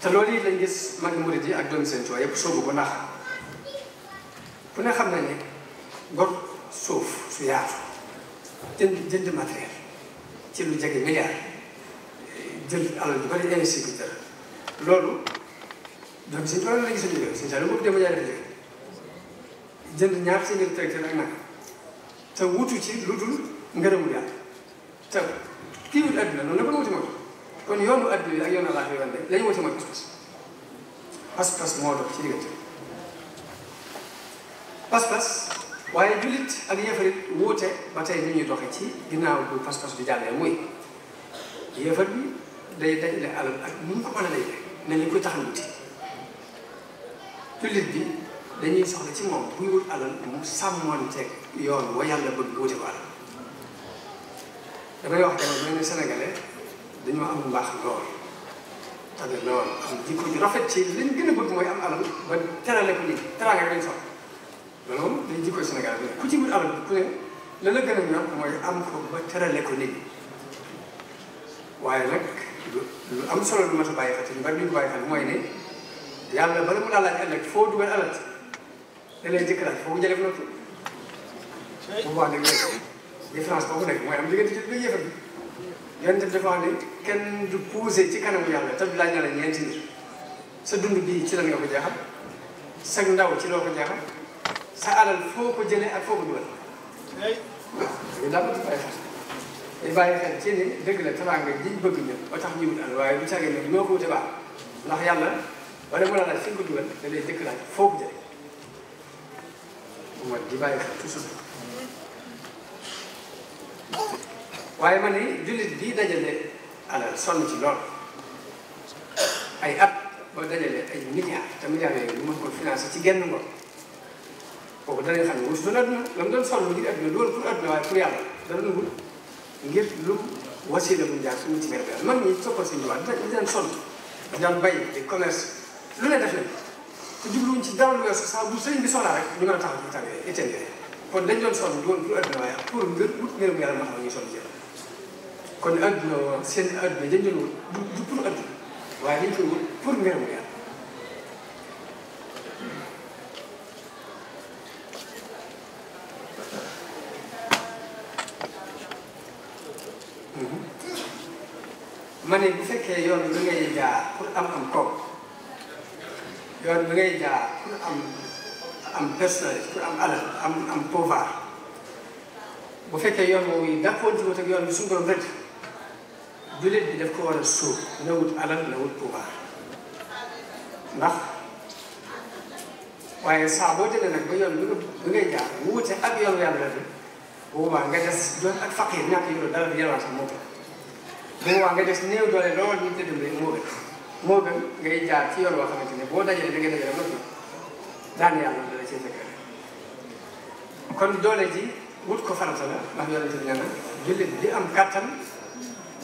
te loolu it lañ gis mag mu yi ak doomi seen tuwaay yëpp soobu ko ndax ku ne xam na ne gor suuf su yaatu jënd jënd matériel ci lu jege milliard jël alal ju bari investi bi dara loolu donc suñ tool la gis nañu ko suñ tool jënd ñaar téeméeri tracteur ak nag te wutu ci lu dul ngërëmu yàlla te kii wut àdduna noonu la ko wuti mooy kon yoonu àdduna ak yoonu àllaaxira yoon de la ñu wuti mooy pas-pas pas moo dox ci diggante pas-pas waaye jullit ak yéefarit wuute ba tey ni ñuy doxe ci ginnaaw bu pas bi jàllee muy yéefar bi day dajale alal ak nu ñu ko mën a koy tax a wuti bi dañuy soxla ci moom buy wut mu sàmmoonteeg yoon wa yàlla bëgg wuti ko alal damay wax dama mel ni sénégalais dañoo am mbaax lool tamit lool am jikko ju rafet ci liñ gën a bëgg mooy am alal ba terale ko nit teraanga rek lañ soxla loolu day jikko Sénégal bi ku ci wut alal ku ne la la gën a ñor mooy am ko ba tërale ko nit waaye nag lu am solo lu ma ta bàyyi xel te ñu bàyyi xel mooy ne yàlla bala mu laa laaj ëllëg foo dugal alal da lay jëkk laaj foofu njëriñ noppi bu baax nag léegi différence boobu nag mooy am diggante ci kenn du poussé ci kanamu yàlla te du laaj na la ñeenti sa dund bii ci lan nga ko jaaxal sa ndaw ci loo ko jaaxal sa alal foo ko jëlee ak foo ko dugal. loolu daal dafa bàyyi xel. dañu bàyyi xel ci ne dëgg la teraanga ji ñu bëgg ñëpp ba tax ñu wut alal waaye bu caagee nag ñoo ko wute ndax yàlla wala mu la laaj foo ko waaye ma ne jullit bii dajale alal ci lool ay at boo dajale ay milliards te milliards yooyu ñu mën ko financer ci genn ngoon. kooku danañ xam ne wut doon àdduna mu ngir àdduna loolu pour àdduna waaye pour yàlla dara na wut ngir lu a bu ñu jaar suñu ci garab yàlla man ñi soppal seen jiwaat dinañ ñu daan sonn lu ne def nañ ci dara lu weesu saa bu sëñ bi soxlaa rek ñu mën a taxaw ci dañ doon sonn du pour àdduna waaye pour ngir wut ngërëm yàlla moo xam ñu sonn ci kon àdduna seen àdduna dañ doon wut du pour àdduna waaye dañ koy wut pour ngërëm yàlla ma ne bu fekkee yoon bi ngay jaar pour am am koom yoon bi ngay jaar pour am am personnalité pour am alal am am pouvoir bu fekkee yoon boobu yi dàppoon ci wut ak yoon bi suñu doon rëdd jullit bi daf ko war a suuf na wut alal na wut pouvoir ndax waaye saa boo demee nag ba yoon bi bi ngay jaar wuute ak yoon yàlla bi bu boobaa nga des doon ak faqir ñàkk yu dara yalwaata moo bu boobaa nga des néew doole lool ñu ngi la dimbali moo gën moo gën ngay jaar ci yoon boo xamante ne boo dajalee da nga dajale ba noppi daan yàlla dala cee fekk kon doole ji wut ko farata la ndax yonent bi nee na jullit bi am kàttan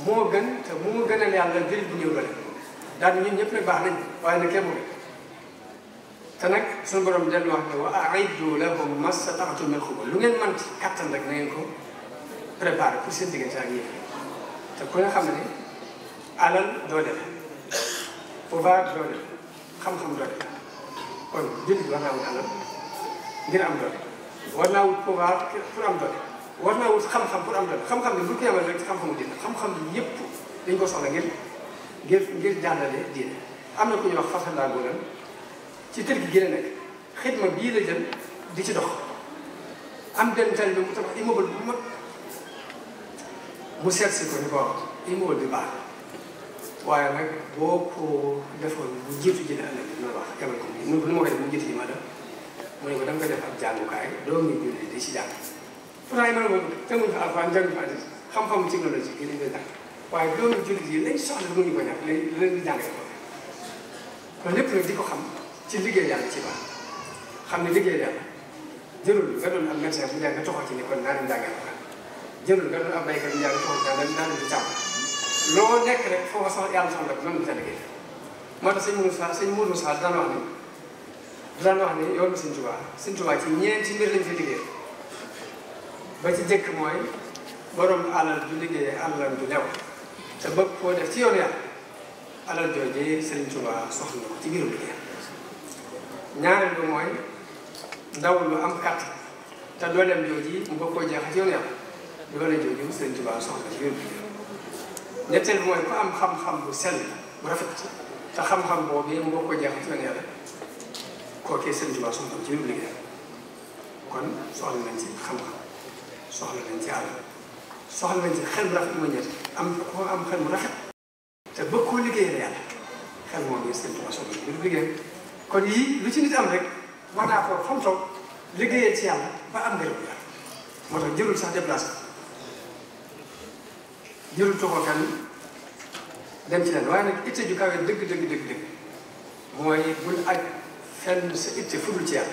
moo gën te moo gënal yàlla jullit bu néew doole daan ñun ñëpp nag baax nañ waaye nag kenn moo te nag suñu borom dellu wax ne wa aiddu lahum mastata'tum min quwwa lu ngeen mën ci kàttan rek na ngeen ko préparé pour seen diggante ak yéen te ku ne xam ne alal doo def pouvoir doo def xam-xam doo def kon jullit war naa wut alal ngir am doole war naa wut pour am doole war xam-xam pour am doole xam-xam bi bu ñu ko yemale rek ci xam-xamu yëpp dañ ko soxla ngir ngir ngir jàllale am na ku ñuy wax fasalaa góoram ci tër gi a xidma bii la di ci dox am benn tali bi mu tabax immeuble bu mag mu seet si ko ni ko immeuble bi baax waaye nag boo ko defoon bu jiitu ji la ëllëg dina wax jamal ko ni nu ma ko def bu jiitu ji ma def mu ne ko da nga ko def ab jàngukaay doomi julli di si jàng pourtant yi noonu teguñ fa alfaan jànguñ fa hadis xam-xamu technologie bi lañ koy jàng waaye doomi julli yi lañ soxla mu ngi ko ñàkk lañ lañ di jàngee ko loolu lépp nag di ko xam ci liggéey yàlla ci baax xam ne liggéey yàlla jërul nga doon am médecin bu jàng nga toxoo ci ni kon naa dem jàngee ko jëlul nga doon ab béykat yi yàlla foofu daal dañu daanaka càmm loo nekk rek foofa sax yàlla sax la ko noonu la liggéey moo tax sëñ Moussa sëñ Moussa daan wax ni daan liggéey ba ci jëkk mooy borom alal du du lew te bëgg koo def ci yoonu yàlla alal jooju sëñ Tuubaa soxla ko ci biiru liggéey ñaareel bi mooy ndaw lu am kàtt te dooleem jooju mu bëgg koo jeex ci yoonu yàlla. doole jooju sëriñ Tuubaa soxla wér bi ñetteel mooy ku am xam-xam bu sell bu rafet te xam-xam boobu yéen boo ko jeexal ci yoon yàlla kookee sëriñ Tuubaa soxla ci wér liggéey kon soxla nañ ci xam-xam soxla nañ ci àll soxla nañ ci ma ñett am ko am xel mu rafet te bëgg koo liggéeyal yàlla xel moom yéen sëriñ kon yii lu ci nit am rek ko fa mu ba am ngërëm yàlla moo tax sax déplacé jëlu tu ko fenn dem ci leen waaye nag itte kawe dëgg dëgg dëgg dëgg mooy bul aj fenn sa itte fudul ci yàlla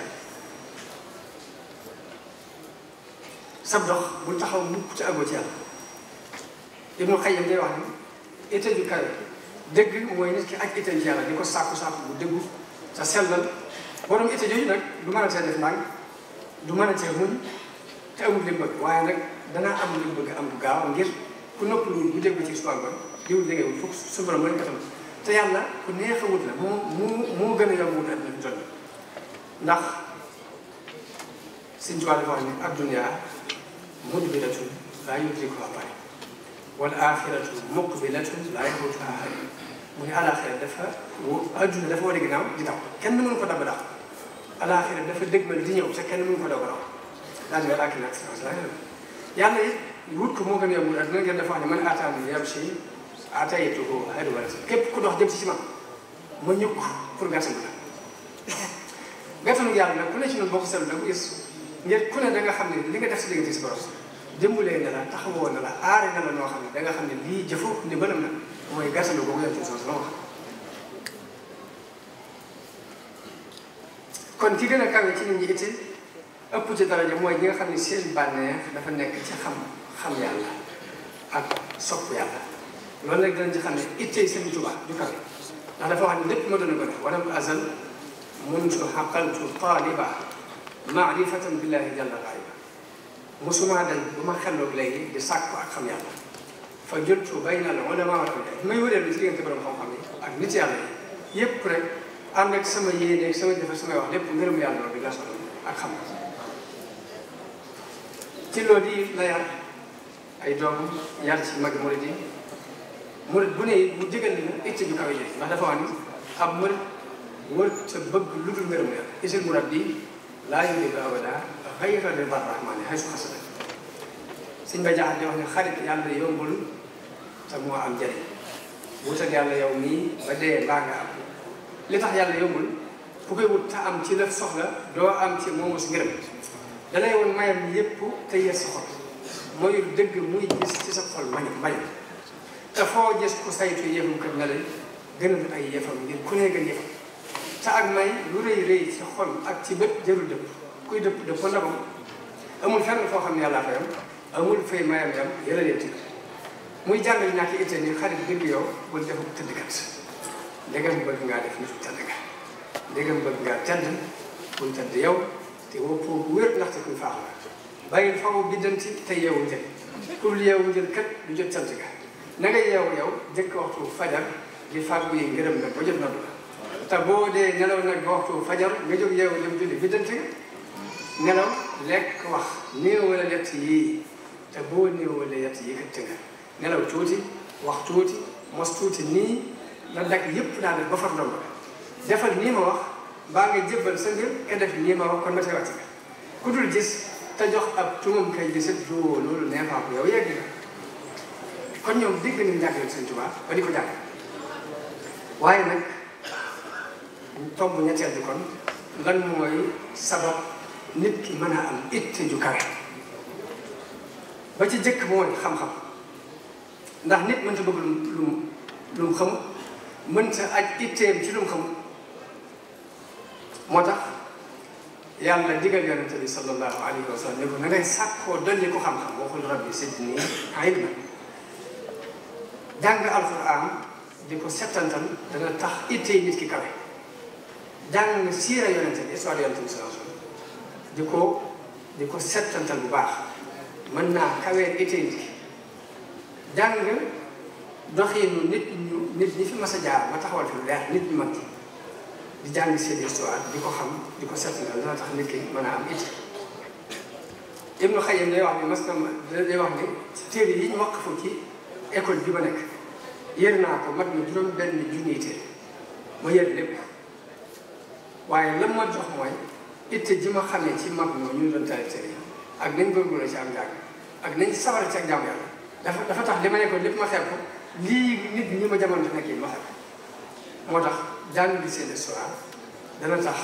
sa dox bul taxaw mukk ci àggoo ci yàlla Ibnu Qayyim day wax ni itte ju kawe dëgg mooy di ko sàkku sàkku bu dëggu sa sellal borom itte nag du mën a see def ndànk du mën a see muñ te amul li bëgg waaye nag danaa am li mu bëgg am bu gaaw ngir ku noppaluwul bu jégalu ci suba ba jiw jegewul foog sa borom mooy katam te yàlla ku neex a wut la moo moo moo gën a yomb wut àdduna fi toll ndax Sëñ Tuubaa dafa wax ne addunya mudbiratun laa yudrikuhaa baa'ir wal aaxiratu muqbilatun laa yahuuduhaa haadin mu ne alaaxira dafa woo adduna dafa war a ginnaaw di daw kenn mënu ko dab daw alaaxira dafa dëgmal di ñëw te kenn mënu ko dab daw daal di mel ak yàlla wut ko moo gën a yombul ak dina dafa wax ne man aataani yamshi aataytuhu képp ku dox jëm si si man ma ñëw pour gàttal la. gàttalu yàlla nag ku ne ci nga xam ne li nga def si diggante si borom dimbalee na la taxawoo na la xam ne da nga xam ne lii jëfoo ni bënam mooy gàttalu boobu yàlla ci soos la wax. kon ki gën a ci nit ñi itti ëpp ci daraja mooy ñi nga xam ne seen bànneex dafa nekk ci xam xam yàlla ak sopp yàlla loolu nag danañ ci xam ne ittey Sëriñ Tuubaa du kawe ndax dafa wax ne lépp moo doon ko def walam azal mundu xaqaltu taaliba maarifatan billahi jalla xaaliba musuma dañ bu ma xelloog léegi di sàkku ak xam yàlla fa joltu bayna al ulama wal awliya may wëree lu ci diggante borom xam-xam yi ak nit rek ànd ak sama yéene sama jëfe samay wax lépp ngërëm yàlla bi la soxla ak xam ci loolu yi la ay doomu yar ci mag murid yi murid bu ne mu jëgal nañu itte ju kawe jëf ndax dafa wax ni ab murid wër sa bëgg lu dul ngërëm yàlla isil murad bi laa yuridu abada xayra ridar rahmani xaysu xasada suñ ba jaaxal di wax ne xarit yàlla yombul te moo am njëriñ wutal yàlla yow nii ba dee baa nga am li tax yàlla yombul ku koy wut te am ci la soxla doo am ci moomu si ngërëm dalay woon mayam yépp te yées sa xol mooy dëgg muy gis ci sa xol mañ mañ te foo gis ku saytu yëfam kat na lay gënal ay yëfam ngir ku ne gën yëfam te ak may lu rëy rëy ci xol ak ci bët jarul dëpp kuy dëpp dëpp ndabam amul fenn foo xam ne yàllaa fayam amul fay mayam yam yàlla muy jàngal ñàkk itte ni xarit dëgg yow bul defu tëddkat ndegam bëgg ngaa def nit tëdd nga ndegam bëgg ngaa tëdd bul tëdd yow te woppoo wér ndaxte kuy faax la bàyyil faw biddanti te yeewu njël pour yeewu njël kat du jot sant ga na nga yeewu yow jëkk waxtu fajar di fàggu yi ngërëm nag ba jot na du te boo dee nelaw nag ba waxtu fajar nga jóg yeewu jëm julli biddanti nga nelaw lekk wax néewale yett yii te boo néewale yett yii kat nga nelaw tuuti wax tuuti mos tuuti nii la dagg yëpp daal ba far doon defal nii ma wax baa nga jëbbal sa mbir nga def nii ma wax kon ma see wàcc ku dul gis te jox ab tuumam kay di set joo loolu neexaa ko yow yegg na kon ñoom dégg nañu njàngale Sëñ Tuubaa ba di ko jàng waaye nag tomb ñetteel bi kon lan mooy sabab ba ci jëkk mooy xam-xam ndax nit mënta bëgg lu mu lu mu xamut mënta aj itteem ci lu mu moo tax yàlla digal yonente bi sallallahu alayhi wa sallam ne ko na ngay sàkkoo dolli ko xam-xam waxul rabbi sidni ilma jàng alquran di ko settantal dana tax ittee nit ki kawe jàng siira yonente bi histoire yonente bi sallallahu di ko ko settantal bu baax man naa kawee ittee nit ki jàng doxinu nit ñu nit ñi fi mas a jaar ma taxawal fi leer nit ñu mag ci di jàng seen histoire di ko xam di ko seetlu dana tax nit ki mën a am it. Ibnu Xayyam day wax ni mas na day wax ni téere yi ñu waqfu ci école bi ma nekk yër naa ko mat na juróom benn junniy téere ma yër lépp waaye lan ma jox mooy itte ji ma xamee ñu doon tari ak nañ góorgóorlu ci am jàng ak nañ sawar ci ak jaamu yàlla tax li ma nekkoon lépp lii nit ñi ma jamono nekk yi ma xeeb moo tax. jàng lycée d'histoire dana tax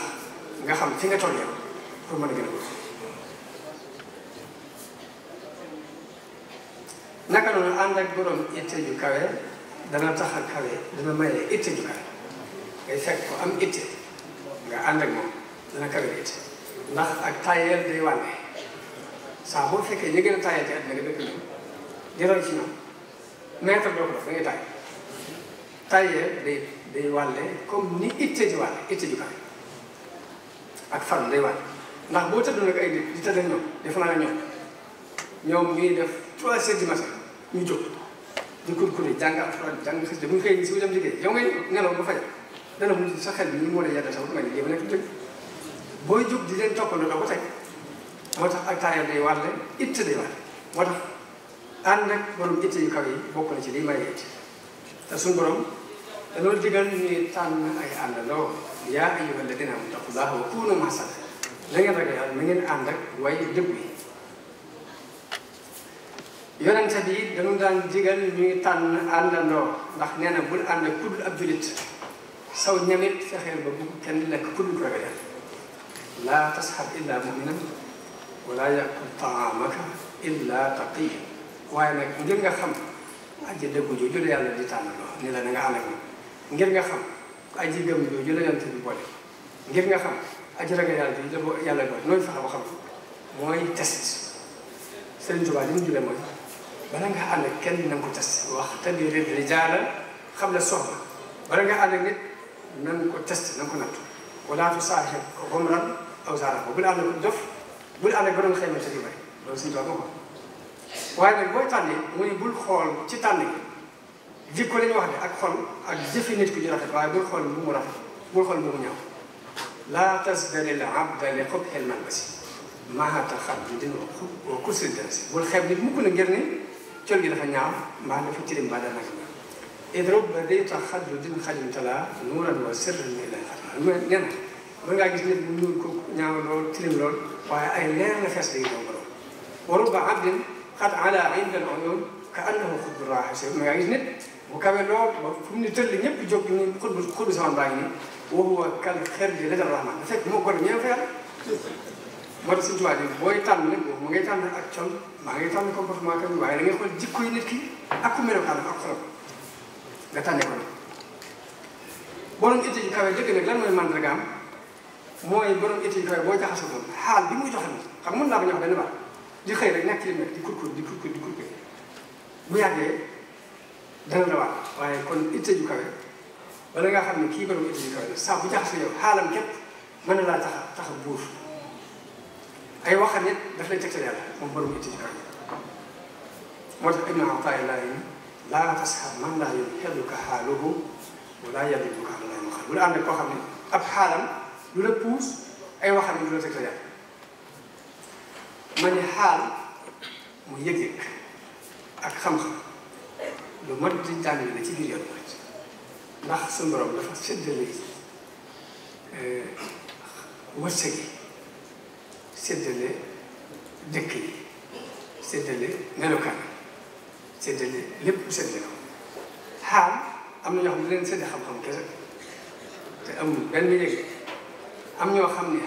nga xam fi nga toll yow pour mën a gën a bëgg naka noonu ànd ak borom itte ju kawe dana tax a kawe dana maye itte ju kawe ngay fekk ko am itte nga ànd ak moom dana kawe itte ndax boo fekkee ñu gën a taayeel ci at nga dëkk di day wàlle comme ni itte ji wàlle itte ju day wàlle ndax boo tëddoon ak ay def naa ne ñoom ngi def trois heures du matin ñu jóg di kurkuri jàng alxuraan jàng xis de bu dem liggéey yow ngay nelaw ba fay dana sa xel bi ñu moo lay jóg di leen toppandoo doo ko teg moo tax ak taayal day wàlle itte day yu kaw yi bokk na ci liy may itte te suñu borom te loolu digal ni tànn ay àndandoo yaa ayyuha alladina am taqullaha wa kunu ma sax la ngeen ragal yàlla na ngeen ànd ak way dëgg yi yonente bi dañu daan digal ñuy tànn àndandoo ndax nee na bul ànd ak kudul ab julit saw ñamit fexeel ba bugg kenn lekk kudul ragal yàlla laa tasxab illa muminan wala yakul taamaka illa taqiy waaye nag ngir nga xam aji dëggu ju jël yàlla di tànn loo ni la na nga ànd ak moom ngir nga xam aji gëm jooju la yonent bi boole ngir nga xam aji ragal yàlla jooju la yàlla boole nooy fexe ba xam mooy test Sëriñ Tuubaa li mu jëlee mooy bala nga ànd kenn na nga ko test wax tamit réer xam la soxla bala nga ànd ak ko test na nga ko nattu aw zaahirahu sa di bay loolu Sëriñ Tuubaa ko waaye nag booy tànnee bul xool ci tànn jikko lañu wax de ak xol ak jëfi nit ku ñu rafet waaye bul xool bu mu rafet bul xool bu mu ñaaw laa tasdari l abda li xub xel man basi maata xam ni dina xub kursil dersi bul xeeb nit mukk na ngir ne col gi dafa ñaaw mbaa dafa tilim mbaa dana ñaaw idrob ba day tax xaddu din xajum talaa nuuran wa sirran ni lay xatma nee na mën ngaa gis nit mu ñuul ko ñaaw lool tilim lool waaye ay leer la fees day doog lool wa ruba abdin xat ala inda al uyun ka annahu xubdu raaxi ma ngaa gis nit bu kawe lool ba fu mu ne tëll ñëpp jóg ñu xut bu xut bu sama baa ngi nii waxuwa kal xer ji la dal rahman moo gor ñeen fa yàlla moo tax booy tànn nag mu ak col maa ngay tànn comportement kam waaye da ngay xool jikko yi nit ki ak ku melokaanam ak xolam nga tànne ko nag borom itte yu kawe dëgg nag mooy mandargaam mooy borom itte yu kawe boo xaal bi muy joxe nii xam mën naa ko ñoo xam benn baax di xëy rek nekk ci li mu nekk di kurkur di kurkur di kurkur bu yàggee dana la kon itte ju kawe bala nga xam ne kii borom itte ju kawe la saa bu jaxasoo tax a tax a buur ay waxam nit daf lay tegtal yàlla moom borom itte ju kawe moo tax ibnu Ataa'illaah man laa yulhiduka xaaluhu wala yadulluka ala llaahi maqaal bu la ànd ak koo xam ne ab xaalam lu la puus ay mu yëg ak xam-xam. lu mat di jàng la ci biir yoon murit ndax suñu borom dafa séddale eh, wërsëg yi séddale dëkk yi séddale melokaan séddale lépp séddale ko xaal am na ñoo xam ne leen séddale xam-xam kese te amul benn yëg am ñoo xam ne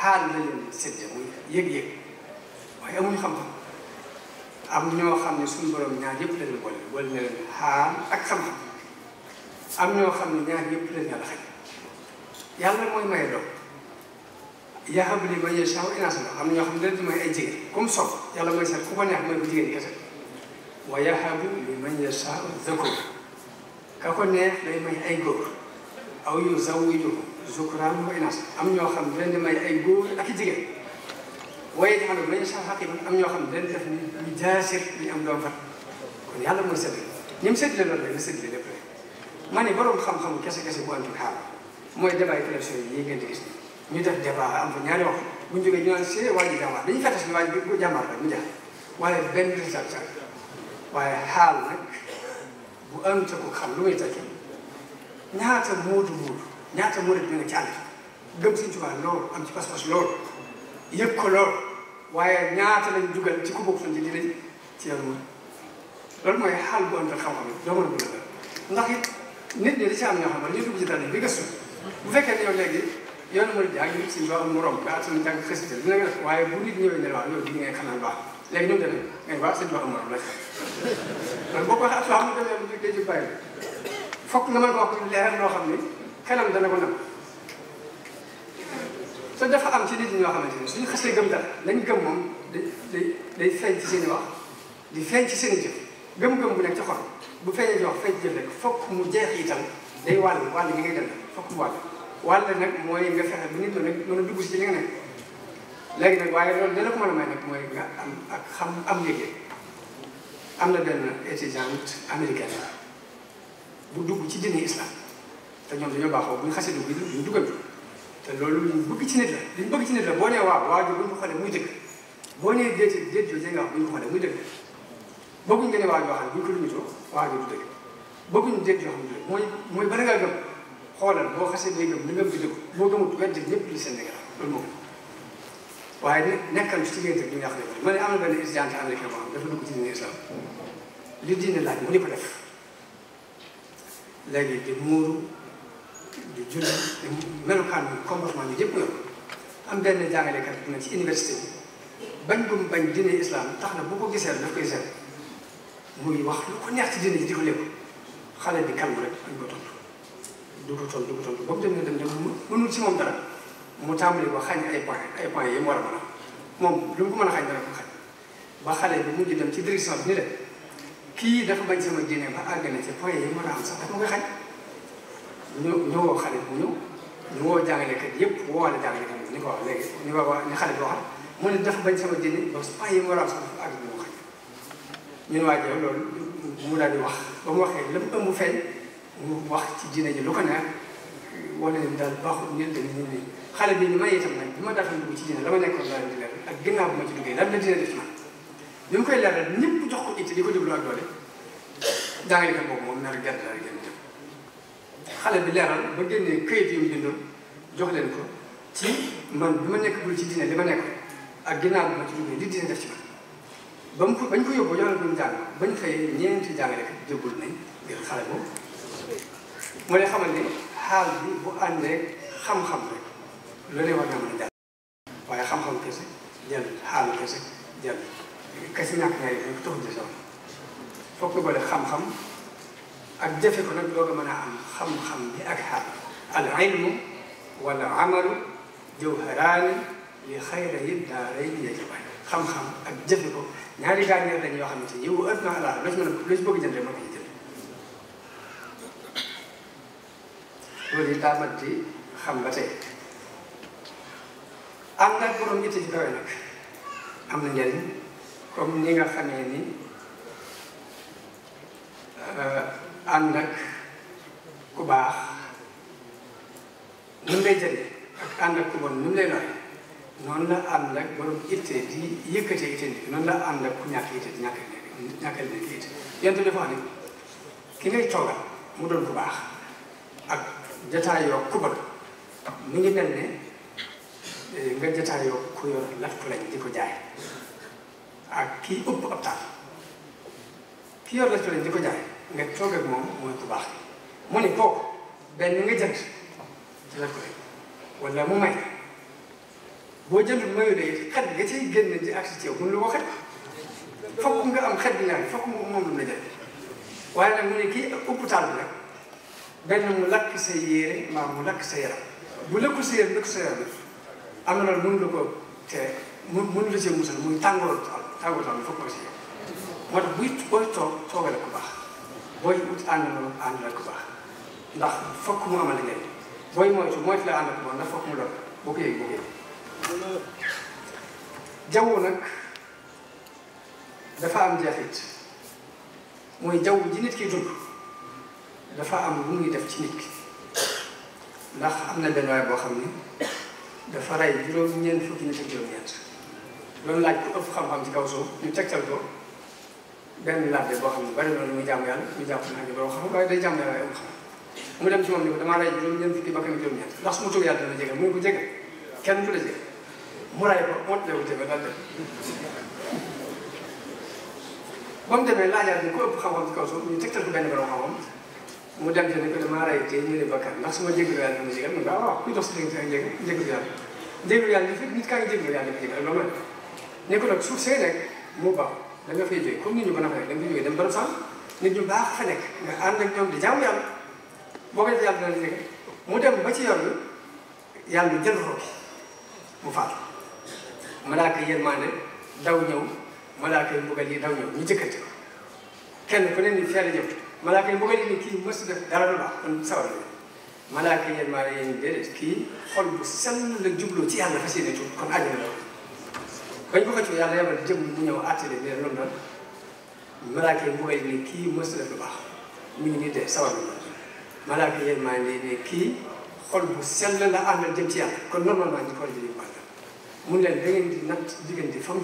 xaal la leen séddale muy yëg-yëg waaye amuñu xam-xam am ñoo xam ne suñu borom ñaar yëpp lañu boole boole na leen xaal ak xam-xam am ñoo xam ne ñaar yëpp lañu yàlla xaj yàlla mooy maye doom yaakaar bi nii ba ñëwee ñoo xam ne dañu may ay jigéen comme soog yàlla mooy seet ku waaye yaakaar bi li ma ñëwee chambre zakoor ka ko neex day may ay góor aw yu zaw yu zukuraan wa am ñoo xam ne may ay góor ak i jigéen. waaye jamono bi lañu sax xaqi am ñoo xam ne dañ def ni ñu jaasir am doom fat kon yàlla mooy séddale ñi mu séddale loolu rek ne borom xam-xamu kese kese bu antul mooy débat élection yi ngeen di gis ñu def débat am fa ñaari wax bu ñu jógee ñu naan see waa ji jàmbaar dañuy fàttali si waa ji bu waaye benn résultat bi sax waaye xaal nag bu amte ko xam lu muy tekki ñaata moodu moodu ñaata moodu ñu nga ci àll gëm suñu tubaab loolu am ci pas-pas loolu yëpp ko loolu waaye ñaata lañ dugal ci ku bokkul ci dinañ ci yàlla loolu mooy xaal bu ànd xam-xam yi doo mën a dugal ndax it ñi da ci am ñoo xam ne ñu dugg ci dara bi gëstu bu fekkee ne yow léegi yoonu mën si ba mu romb nga suñu jàng xësite dina ñëwee ne waaw loolu di ngay xanaan baax léegi ñoom dañu ngay baax sëñ ba am morom la loolu ko waxee soo xam ne dañoo am fokk nga mën ko wax leeral loo xam ni xelam dana ko nangu te dafa am ci nit ñoo xamante ni suñu xasee gëm dara lañ gëm moom day day day feeñ ci seen i wax di feeñ ci seen i jëf gëm-gëm bu nekk ci xol bu feeñee ci wax feeñ ci jëf rek fokk mu jeex itam day wàll wàll gi ngay dem fokk mu nga fexe bu nit nag dugg ci léegi nag waaye loolu dina ko nga am ak xam am yëg na benn étudiante américaine bu ci diine islam te ñoom dañoo baaxoo bu ñu xasee dugg ñu duggal te loolu ñu bëgg ci nit la li ñu bëgg ci nit boo nee waaw waajur bu ñu xoolee muy dëgg boo nee déet déet jooju nga wax bu ñu ko xoolee muy dëgg bëgguñ nga ne waajur yoo xam ne bu ñu ko limitoo waajur du dëgg bëgguñ déet yoo xam ne mooy mooy bala ngaa gëm xoolal boo xasee day gëm li nga bi dëgg boo gëmut weddi ñëpp li Sénégal loolu moo waaye ne nekkal bi ñu yàq ma ne am na benn étudiant américain boo xam dafa dugg li diine laaj mu di ko def di muuru di julli te melukaan bi comportement bi yëpp yokku am benn jàngalekat bu ne ci université bi bañ bu mu bañ diine islam tax na bu ko gisee daf koy seet muy wax lu ko neex ci diine ji di ko lépp xale bi kan rek bañ ko tontu du ko tontu du ko tontu ba mu dem ne dem dem mënul ci moom dara mu tàmbali ko xañ ay point ay point yi mu war a mën a moom lu mu ko mën a xañ dara ko xañ ba xale bi mujj dem ci direction bi ni de kii dafa bañ sama diine ba àgg na ci point yi mu war a am sax dafa koy xañ ñu ñu woo xale bu ñëw ñu woo jàngalekat yëpp woowaale jàngalekat bi ni ko wax léegi ni ko wax ni xale bi waxal mu ne bañ sama diine donc yi war a sama ak ñu waa Jabi loolu mu daal di wax ba waxee lépp ëmb feeñ mu ci diine ji lu ko neex wane ne daal baaxul ñun dañu ñu ne xale bi ni ma itam nag ma dafa dugg ci diine la ma nekkoon daal di leeral ak bu ma ci duggee lan la diine def na bi mu koy leeral ñëpp jox ko itti di ko déglu ak doole jàngalekat boobu moom nar gerte la xale bi leeral ba génnee këyit yu mu bindoon jox leen ko ci man bi ma nekk gul ci diine li ma nekk ak ginnaaw bi ma ci duggee li diine def ci man ba mu ko bañ ko yóbbu yoon bu mu jàng bañ fay ñeenti jàngalekat jëbbul nañ ngir bu àndee xam-xam rek lu ne war a jàll waaye xam-xam kese jël ñàkk ñaari rek di soxla foog nga boole xam-xam ak jafe nag doo ko mën a am xam-xam bi ak xal al ilmu wal amalu jawharaani li xayra yi daarayni yajabaan xam-xam ak jafe ko ñaari gaañeer dañ yoo xamante ni yow ëpp na ala loo ci mën a loo ci bëgg jëndee mën ko jënd loolu it xam ba tey am nag borom itte ci kawe nag am na njëriñ comme ni nga xamee ni. Euh, ànd ak ku baax nu mu lay jëlee ak ànd ak ku bon nu mu lay noyyi noonu la ànd ak borom itte di yëkkatee itte nit noonu la ànd ak ku ñàkk itte di ñàkk ñàkk nekk itte yéen tamit wax ne ki ngay toogal mu doon ku baax ak jataayoo ku bon mu ngi mel ne eh, nga jataayoo ku yor laf lañ di ko jaay ak kii ëpp ab taal ki yor laf lañ di ko jaay. nga toog ak moom moo ku baax mu ni kooku benn nga jënd jëlal ko rek wala mu may boo jëndul mayu de xet nga ciy génn di agsi ci yow mënu la ko xet fokk nga am xet bi nga am fokk nga moom la na jël waaye nag mu ne kii hôpital bi nag benn mu lakk sa yére mu lakk sa yaram bu lëkku sa yére lëkku sa yaram am na loolu mënu la ko te mënu la see musal muy tàngoor tàngoor tàngoor fokk nga si yow moo tax buy booy toog baax booy ut ànd na ànd la ku baax ndax fokk mu amal ngeen booy moytu moytu la ànd ak bon ndax fokk mu lor boo ko yëg boo ko yëg jaww nag dafa am jeexit mooy jaw ji nit ki dund dafa am lu muy def ci nit ki ndax am na benn boo xam ni dafa rey juróom-ñeent fukki nit juróom-ñeent loolu laaj ku ëpp xam-xam ci kaw suuf ñu tegtal ko benn laajte boo xam ne bari na lu muy jàmm yàlla ñu jàpp naa ne loolu xam waaye day jàmm yàlla amul xam mu dem ci moom ni ko damaa lay juróom ñeent fukki bakkan juróom-ñeent ndax su ma tuub yàlla dana jege mu ko jege kenn du la jege mu ray ko mot lewu jëfe dal dem ba mu demee laajaat ni ko ëpp xam-xam ci kaw suuf ñu tegtal ko benn borom xam-xam mu dem ci ne ko damaa ray te ñu ne bakkan ndax su ma jégalu yàlla dana jege mu ne ah waaw kuy dox si dégg ak jég jégalu yàlla jégalu yàlla li fi nit kaa ngi jégalu yàlla dana jege loolu ne ko nag suuf see nekk moo baax da nga fay jógee comme ni ñu mën a fay da nga fay jógee dem ban sànq nit ñu baax fa nekk nga ànd ak ñoom di jaamu yàlla boo ko defee yàlla dana jege mu dem ba ci yoon bi yàlla jël rob bi mu faatu malaaka yërmaande daw ñëw malaaka yi mbugal yi daw ñëw ñu jëkkante ko kenn ku ne ni fee la jëm malaaka yi mbugal yi ni kii mës def dara lu baax kon sawar na malaaka yërmaande yéen déedéet kii xol bu sell la jubloo ci yàlla fas yéene tuub kon àjjana la bañ ko ko ci yàlla yebal jëm mu ñëw attire leen loolu nag malaaka yi mbugal kii mës na baax mu ngi nii de maa ngi ne kii xol bu sell la àndal jëm ci yàlla kon normalement ñu ko jëlee mu ne leen da ngeen di natt diggante fa mu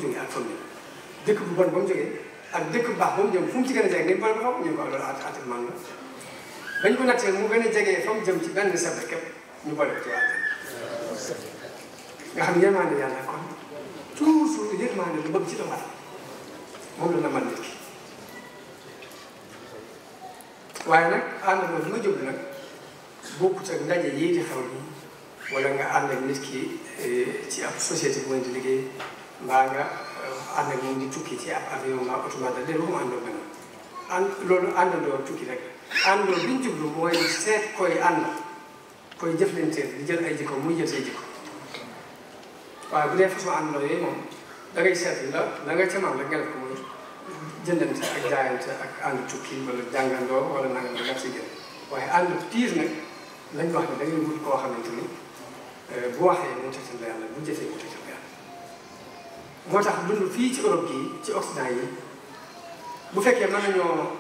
dëkk bu ba mu jógee ak dëkk ba mu jëm ci gën a jege ni mu bon ba ñu at at man ko nattee mu gën jegee fa mu jëm ci benn safar képp ñu boole ko nga xam yéen maa yàlla kon toujours yërmande lu bëgg ci doomu aadama moom la na li nga jublu nag bokkut ak ndaje yii di xew nii wala nga ànd ak nit ki eh, ci ab société bu ngeen di liggéey mbaa nga eh, ànd ak moom di tukki ci ab avion mbaa oto mbaa dara déedéet waxuma àndoo tukki rek àndoo bi ñu jublu mooy seet koy ànd koy jëflanteel jël ay jikko muy jël say jikko waaye bu dee façon àndandoo yooyu moom da ngay la da nga ca man la nga def ko mooy jëndante ak jaayante ak ànd tukki wala jàngandoo wala nangam da nga si waaye ànd tiir nag lañ wax ne da ngay wut koo xamante ni bu waxee mu jëfee mu tëjal la moo tax dund fii ci Europe gii ci Occident bu fekkee mën nañoo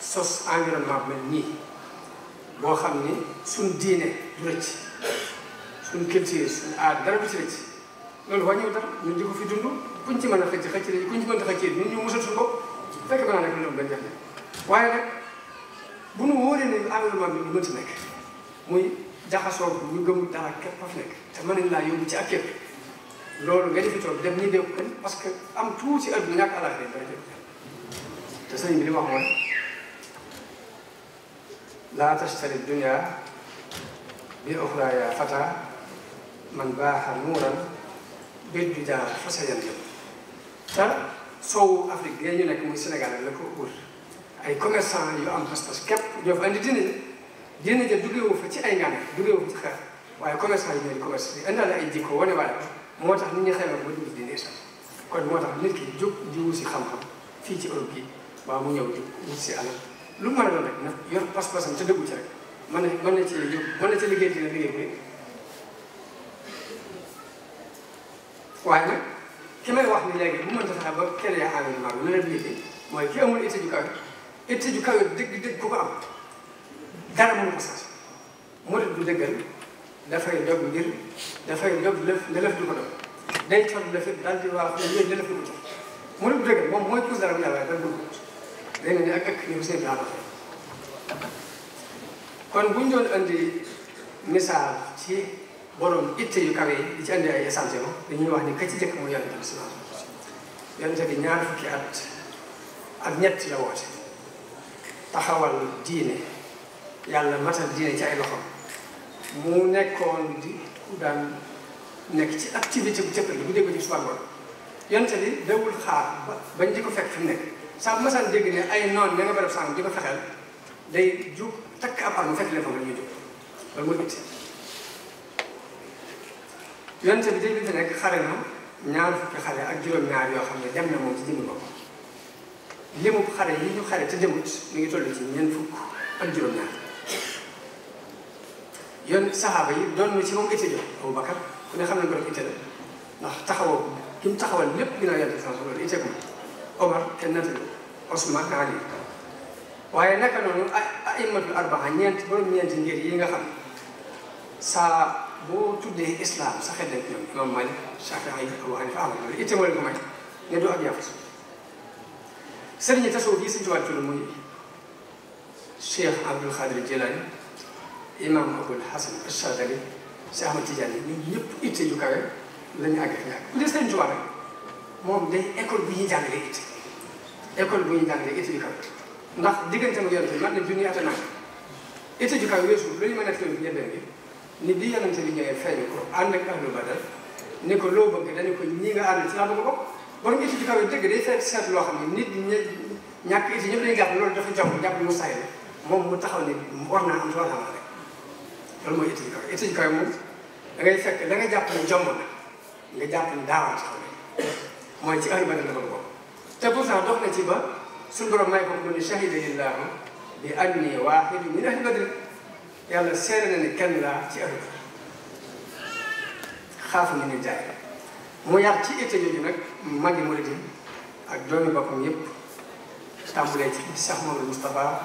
sos environnement mel nii boo xam ni suñ diine du rëcc suñ culture suñ aada dara du ci rëcc. loolu wàññiwul dara ñun di ko fi dund kuñ ci man a xëcc xëcc lañu kuñ ci mën a xëccee ñun ñu mësatu suñu bopp fekk mën naa nekk loolu dañ jafe waaye bu nu wóoree ne environnement bi lu mën ci nekk muy jaxasoo bu ñu gëmul dara képp fa nekk te mën nañ laa yóbbu ci ak képp loolu nga defi toog dem ñi dégg ko parce que am tuuti at bi ñàkk àllaaxira day def te sëriñ bi li wax mooy laa tashtari yaa fata man baaxa nuuran bét bi jaar fa sa yan jëm te soowu Afrique gee ñu nekk muy Sénégal la ko wër ay commerçant yu am pas-pas képp ñoo fa andi dinañ dina ja dugeewu fa ci ay ngaan dugeewu fa ci xeer waaye commerçant yi ñooy bi indaale ay jikko wane waale moo tax nit ñi xeewoon ba dugg dina kon moo tax nit ki jóg di wut si xam-xam fii ci Europe gi waaw mu ñëw di wut si alal lu mën a doon rek na yor pas-pasam te dëggu ci rek mën na mën na ci yób mën na liggéey dina waaye nag ki may wax ni léegi bu mënta fexe ba kenn yaa environnement bi lu leen liggéey mooy ki amul étude ju kawe étude ju kawe dëgg dëgg ku ko am dara mënu ko sax mu def du dëggal dafay dog ngir dafay dog lëf nga lëf du ko dog day cor lëfit daal di wax ne lëf du ko cor mu def du dëggal moom mooy tuus dara bu yàlla dara du ko day ne ak ak ñoom seen daal kon bu ñu doon andi misaal ci borom itte yu kawe yi di ci andi ay échantillon dañuy wax ni ka ci njëkk mooy yonente bi sallallahu alayhi wa sallam yàlla matal diine ci ay loxom mu nekkoon di ku daan nekk ci activité bu jëppal bu dégg ci suba ngoon bañ di ko fekk fi mu nekk saa bu masaan dégg ne ay noon ña nga barab sànq di ko fexeel day jug takk ab mu fekk leen fa nga ñuy jóg loolu mooy itte yonent bi de nekk xare na ñaar fukki xare ak juróom-ñaar yoo xam ne dem na moom ci jëmmi boppam limu xare yi ñu xare te demut mi ngi toll ci ñeent fukk ak juróom saxaaba yi doon ci moom itte jo Abu xam nañ ko ndax taxawoo ki mu taxawal lépp ginnaaw yonent sans loolu itte ko Omar kenn nattali Osman Ali waaye a immatul arbaa ñeent borom ñeenti yi nga xam saa boo tuddee islam sa xel lañ ñoom imam Malik Shaafi'i Abu Hanifa Ahmad loolu itte moo leen ko may ne doo ak yaafus sëriñ tasawuf yi si jiwaat ci la ñu àgg fi ñu àgg bu bu ñuy jàngalee itte ndax diggante mu yonte mat na junni at nag itte ju lu ñu mën a fi ñebe bi ni bi yonente bi ñëwee feeñ ko ànd ak ahlu badar ni ko loo bëgg dañu ko ñi nga ànd ci laa bëgg bokk bon ngi ci kaw dëgg day seet seet loo xam ne nit ñi ñàkk itti ñëpp dañuy jàpp loolu dafa jaww jàpp mu say moom mu taxaw ne war naa am war naa am rek loolu mooy itti kaw itti kaw fekk da nga jàpp ne jomb na jàpp ne mooy ci ahlu badar la bëgg bokk te pourtant ci ba suñu borom may ko mu ne shahida lillahu bi anni waahidu min ahli badr yàlla seere na ni kenn laa ci ëllëg xaafu ni ñu jaay mu yar ci itte jooju nag magi murid ak doomi boppam yëpp tàmbalee ci Cheikh Mouhamadou Moustapha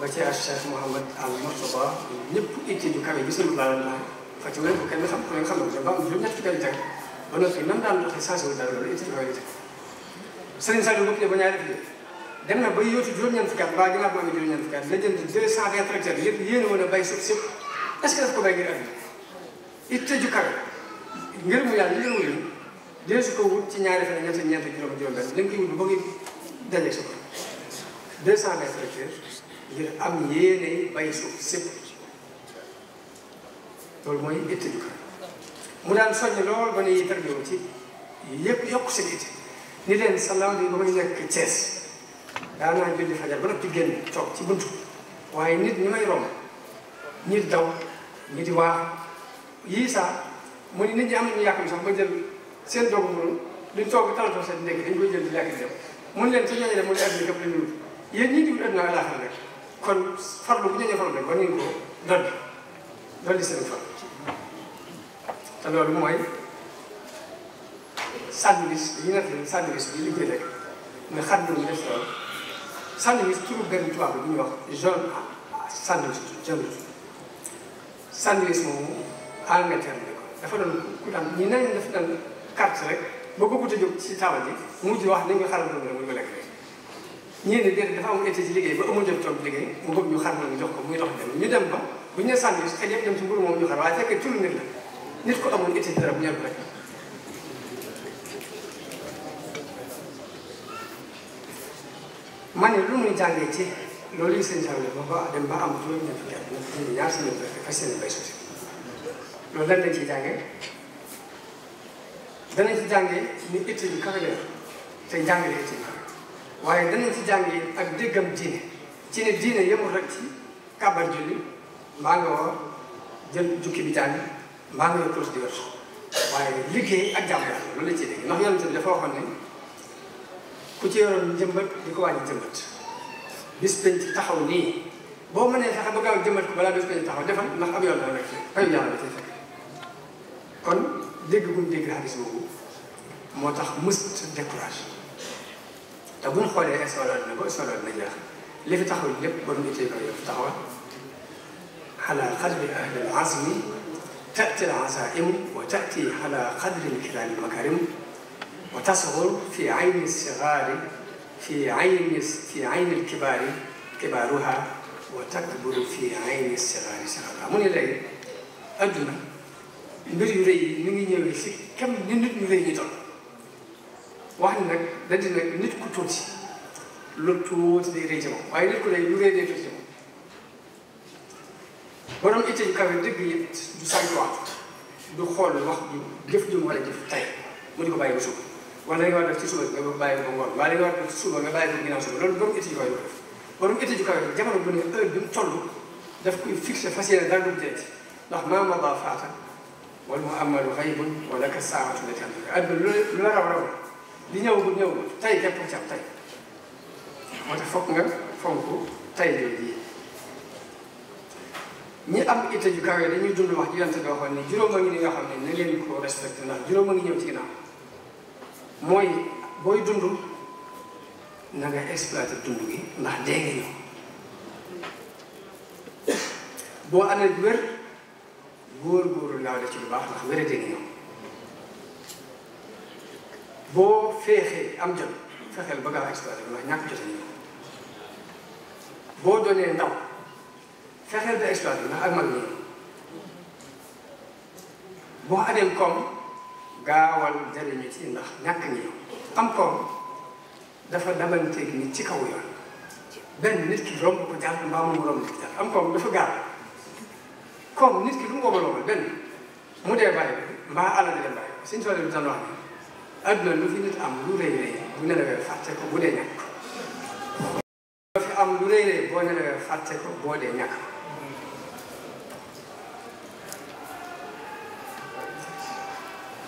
ba ci Cheikh Mouhamad al Moustapha ñëpp itte ju kawe bi suñu laal naa fa ci wér kenn xam ko xam nga ba am juróom ñett fukki teg ba noppi nam daan doxee saa si wu dara loolu itte ju kawe la teg Serigne Saliou bopp ne ba ñaari dem na ba yootu juróom-ñeent fukki at mbaa ginnaaw bi ma juróom-ñeent fukki at la jënd deux cent vingt tracteurs yëpp yéen a bay suuf si est-ce que daf ko bay ngir adduna it tëju kawe ci ñaari fan ñetti ñeenti juróom juróom-benn dañ koy wut ba ngi daje su ko deux cent ngir am yéenay bay suuf si loolu mooy it tëju kawe mu daan soññ lool ba ne yi tarbiwoo ci yëpp yokk seen it ni leen sa law di ba may nekk Thiès daa daanaa julli fajar ba noppi génn toog ci buntu waaye nit ñi may romb ñi di daw ñi di waax yii saa mu ni nit ñi am nañu yàq mi sax ba jël seen doogu mënu duñ toog tanto seen nekk dañ koy jël di lekk di mun leen sa ñooñu dem mu ne adduna képp lañu wut yéen ñii kon farlu bu ñooñu farlu rek war ngeen ko dolli dolli seen far te loolu mooy sànni bis yi nga xam ne sànni bi liggéey rek nga xam ne mu def loolu sandwich turu benn tubaab bi ñuy wax John sandwich John sandwich moomu Angleterre la ko dafa doon ku daan ñi nañ dafa daan carte rek ba ko gudd a jóg ci taabal ji mujj wax nañ ko xaral doon rek mu ko lekk rek ñii ne déedéet dafa am été ci liggéey ba amul jëm toog liggéey mu bëgg ñu xar noonu jox ko muy dox dem ñu dem ba bu ñu nee sandwich xëy na dem ci mburu moom ñu xar waaye fekk turu nit la nit ko amul été dara bu ñor rek man ne lu muy jàngee ci loolu yi seen jàngee ba dem ba am juróom ñetti fukki at ñetti junni seen bay fas seen loolu lan lañ ci jàngee ni itti yu kawe la te njàngale itti yu waaye danañ ci jàngee ak déggam diine ci ne diine yemul rek ci kàbbar julli mbaa nga woor jël jukki bi jàng mbaa nga yor di wér waaye liggéey ak jàmm loolu la ciy dégg ndax yoon bi dafa ku ci yoroon jëmbat di ko wàññi jëmbat bis penc taxaw nii boo mënee fexe ba gaaw jëmbat ko balaa bis penc taxaw defal ndax ab yoon la rek fay yàlla da cay fekk kon dégg gum dégg hadis boobu moo tax must décourage te buñ xoolee soloot na ba soloot na jeex li fi taxaw lépp borom ittee ko yof taxawal ala qadri ahli al azmi tati al azaimu wa tati ala qadri al kiram al makarim وتصغر في عين الصغار في عين في عين الكبار كبارها وتكبر في عين الصغار صغارها mu ne léegi adduna mbir yu rëy yi mi ngi ñëwee si kam ni nit ñu rëy ñu toll wax nag da di nag nit ku tuuti lu tuuti day rëy ci moom waaye nit ku rëy lu rëy day tuuti ci moom borom itte yu kawe dëgg yëpp du saytuwaat du xool wax ji jëf ji mu war a jëf tey mu di ko bàyyi ba suuf wala li nga war a def ci suba nga bàyyi ko ngoon wala li nga war a def ci suba nga bàyyi ko ginnaaw suba loolu borom étude yooyu def borom étude yu kaw yi jamono bu ne heure bi mu toll daf koy fixé fas yéene daal du jeex ndax maa ma baa faata wala mu amalu xaybun wala ka saamatu la ca àdduna lu lu la raw raw li ñëw bu ñëw tay képp ku cab tay moo tax foog nga fonk tay jooju yi ñi am état yu kaw yi dañuy dund wax ji yante doo xam ne juróom a ngi ni nga xam ne na leen ko respecté ndax juróom a ngi ñëw ci ginnaaw mooy booy dund na nga exploité dund gi ndax dee ngi boo amee wér góor-góorlu laaw la ci lu baax ndax wér dee ngi boo feexee am jot fexeel ba gaaw exploité bi ndax ñàkk jot a ñëw boo doonee ndaw fexeel ba exploité bi ndax ak mag ñëw boo adeem koom gaawal jëriñu ci ndax ñàkk ngi am koom dafa damanteeg ni ci kaw yoon benn nit ki romb ko jàll mbaa mu romb ko jàll am koom dafa gaaw koom nit ki lu mu wobaloo benn mu dee bàyyi ko mbaa alal dee bàyyi ko suñ tool yi dañu wax ne lu fi nit am lu rëy rëy bu nelawee fàtte ko bu dee ñàkk. lu boo nelawee fàtte ko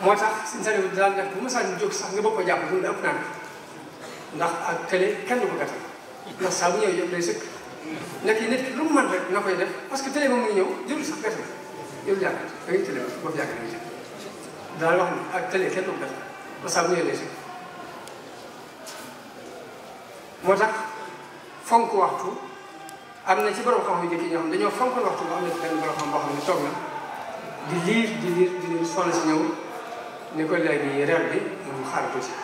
moo tax suñu sañoon daan def bu ma sànni jóg sax nga bëgg ko jàpp mu ak télé kenn du ko gàttal na koy def parce que télé moom muy ñëw ak télé kenn ko moo tax fonk waxtu am na ci borom xam yu jëkk dañoo fonk waxtu ba am na ci benn borom xam boo xam na di liir di liir di liir soxna si ñëw ni ko léegi reer bi moom xaaratu si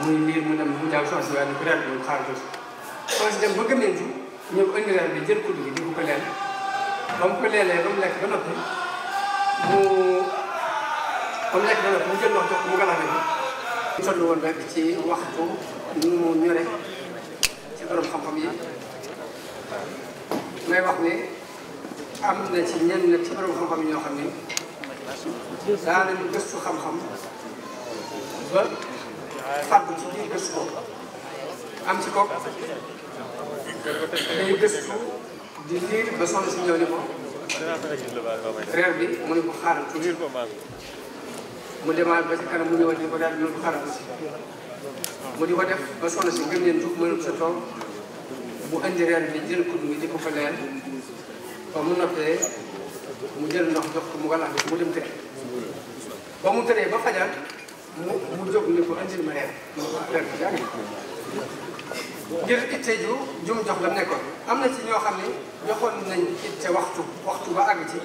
muy liir mu dem mu jàll soos bi waaye ni ko reer bi moom xaaratu si soos dem ba gëm leen si ñëw indi reer bi jël kudd gi di ko ko leel ba mu ko leelee ba mu lekk ba noppi mu ba mu lekk ba noppi mu jël ndox jox ko mu galax ko mu toll woon rek ci waxtu ñu mu ñore ci borom xam-xam yi may wax ne am na ci ñenn ci borom xam-xam yi ñoo xam ne daanañ gëstu xam-xam ba fàggu ci biir ko am ci ko day gëstu di liir ba sonn si reer bi mu ne ko mu ci mu ñëwaat ni ko daal mu di ko mu ne sa toog bu indi reer bi jël kudd bi di ko fa leer ba mu mu jël ndox jox ko mu gàllax bi mu dem tëdd ba mu tëddee ba fajar mu mu jóg ni ko andil ma reer ngir itte ju jum jox la nekkoon am na ci ñoo xam ne joxoon nañ itte waxtu waxtu ba àgg ci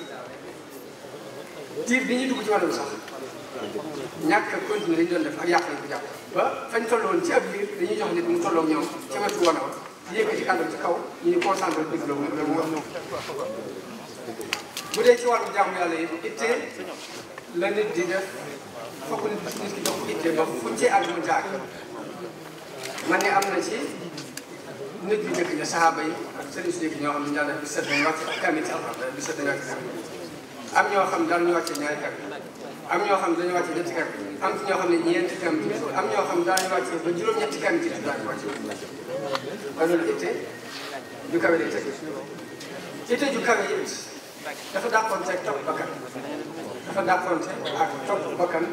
diir bi ñu dugg ci bi sax ñàkk a continuer li ñu doon def ak yàq lañ ko jàpp ba fañ toll woon ci ab biir dañuy jox nit mu tolloog ñoom ci wetu woon a yëkkati kàddu ci kaw ñu concentré déglu mu wax ñoom bu dee ci wàllu jaamu yàlla yi itte la nit di def foog nit nit ki dox itte ba fu ci ak mu jaag man ne am na ci nit yu njëkk ña saxaaba yi ak sëriñ si njëkk ñoo xam ne bi set nañ wàcc ak kàmmi ci alxam bi am ñoo xam daan ñu wàcce ñaari kàmmi ñoo xam dañu wàcce ñetti kàmmi am ñoo xam ne ñeenti kàmmi ci am ñoo xam daan ñu wàcce ba juróom-ñetti kàmmi ci daan ñu wàcce ba loolu itte ju kawe lay teg itte ju dafa dàqoon ak topp bakkan dafa dàqoon ak topp bakkan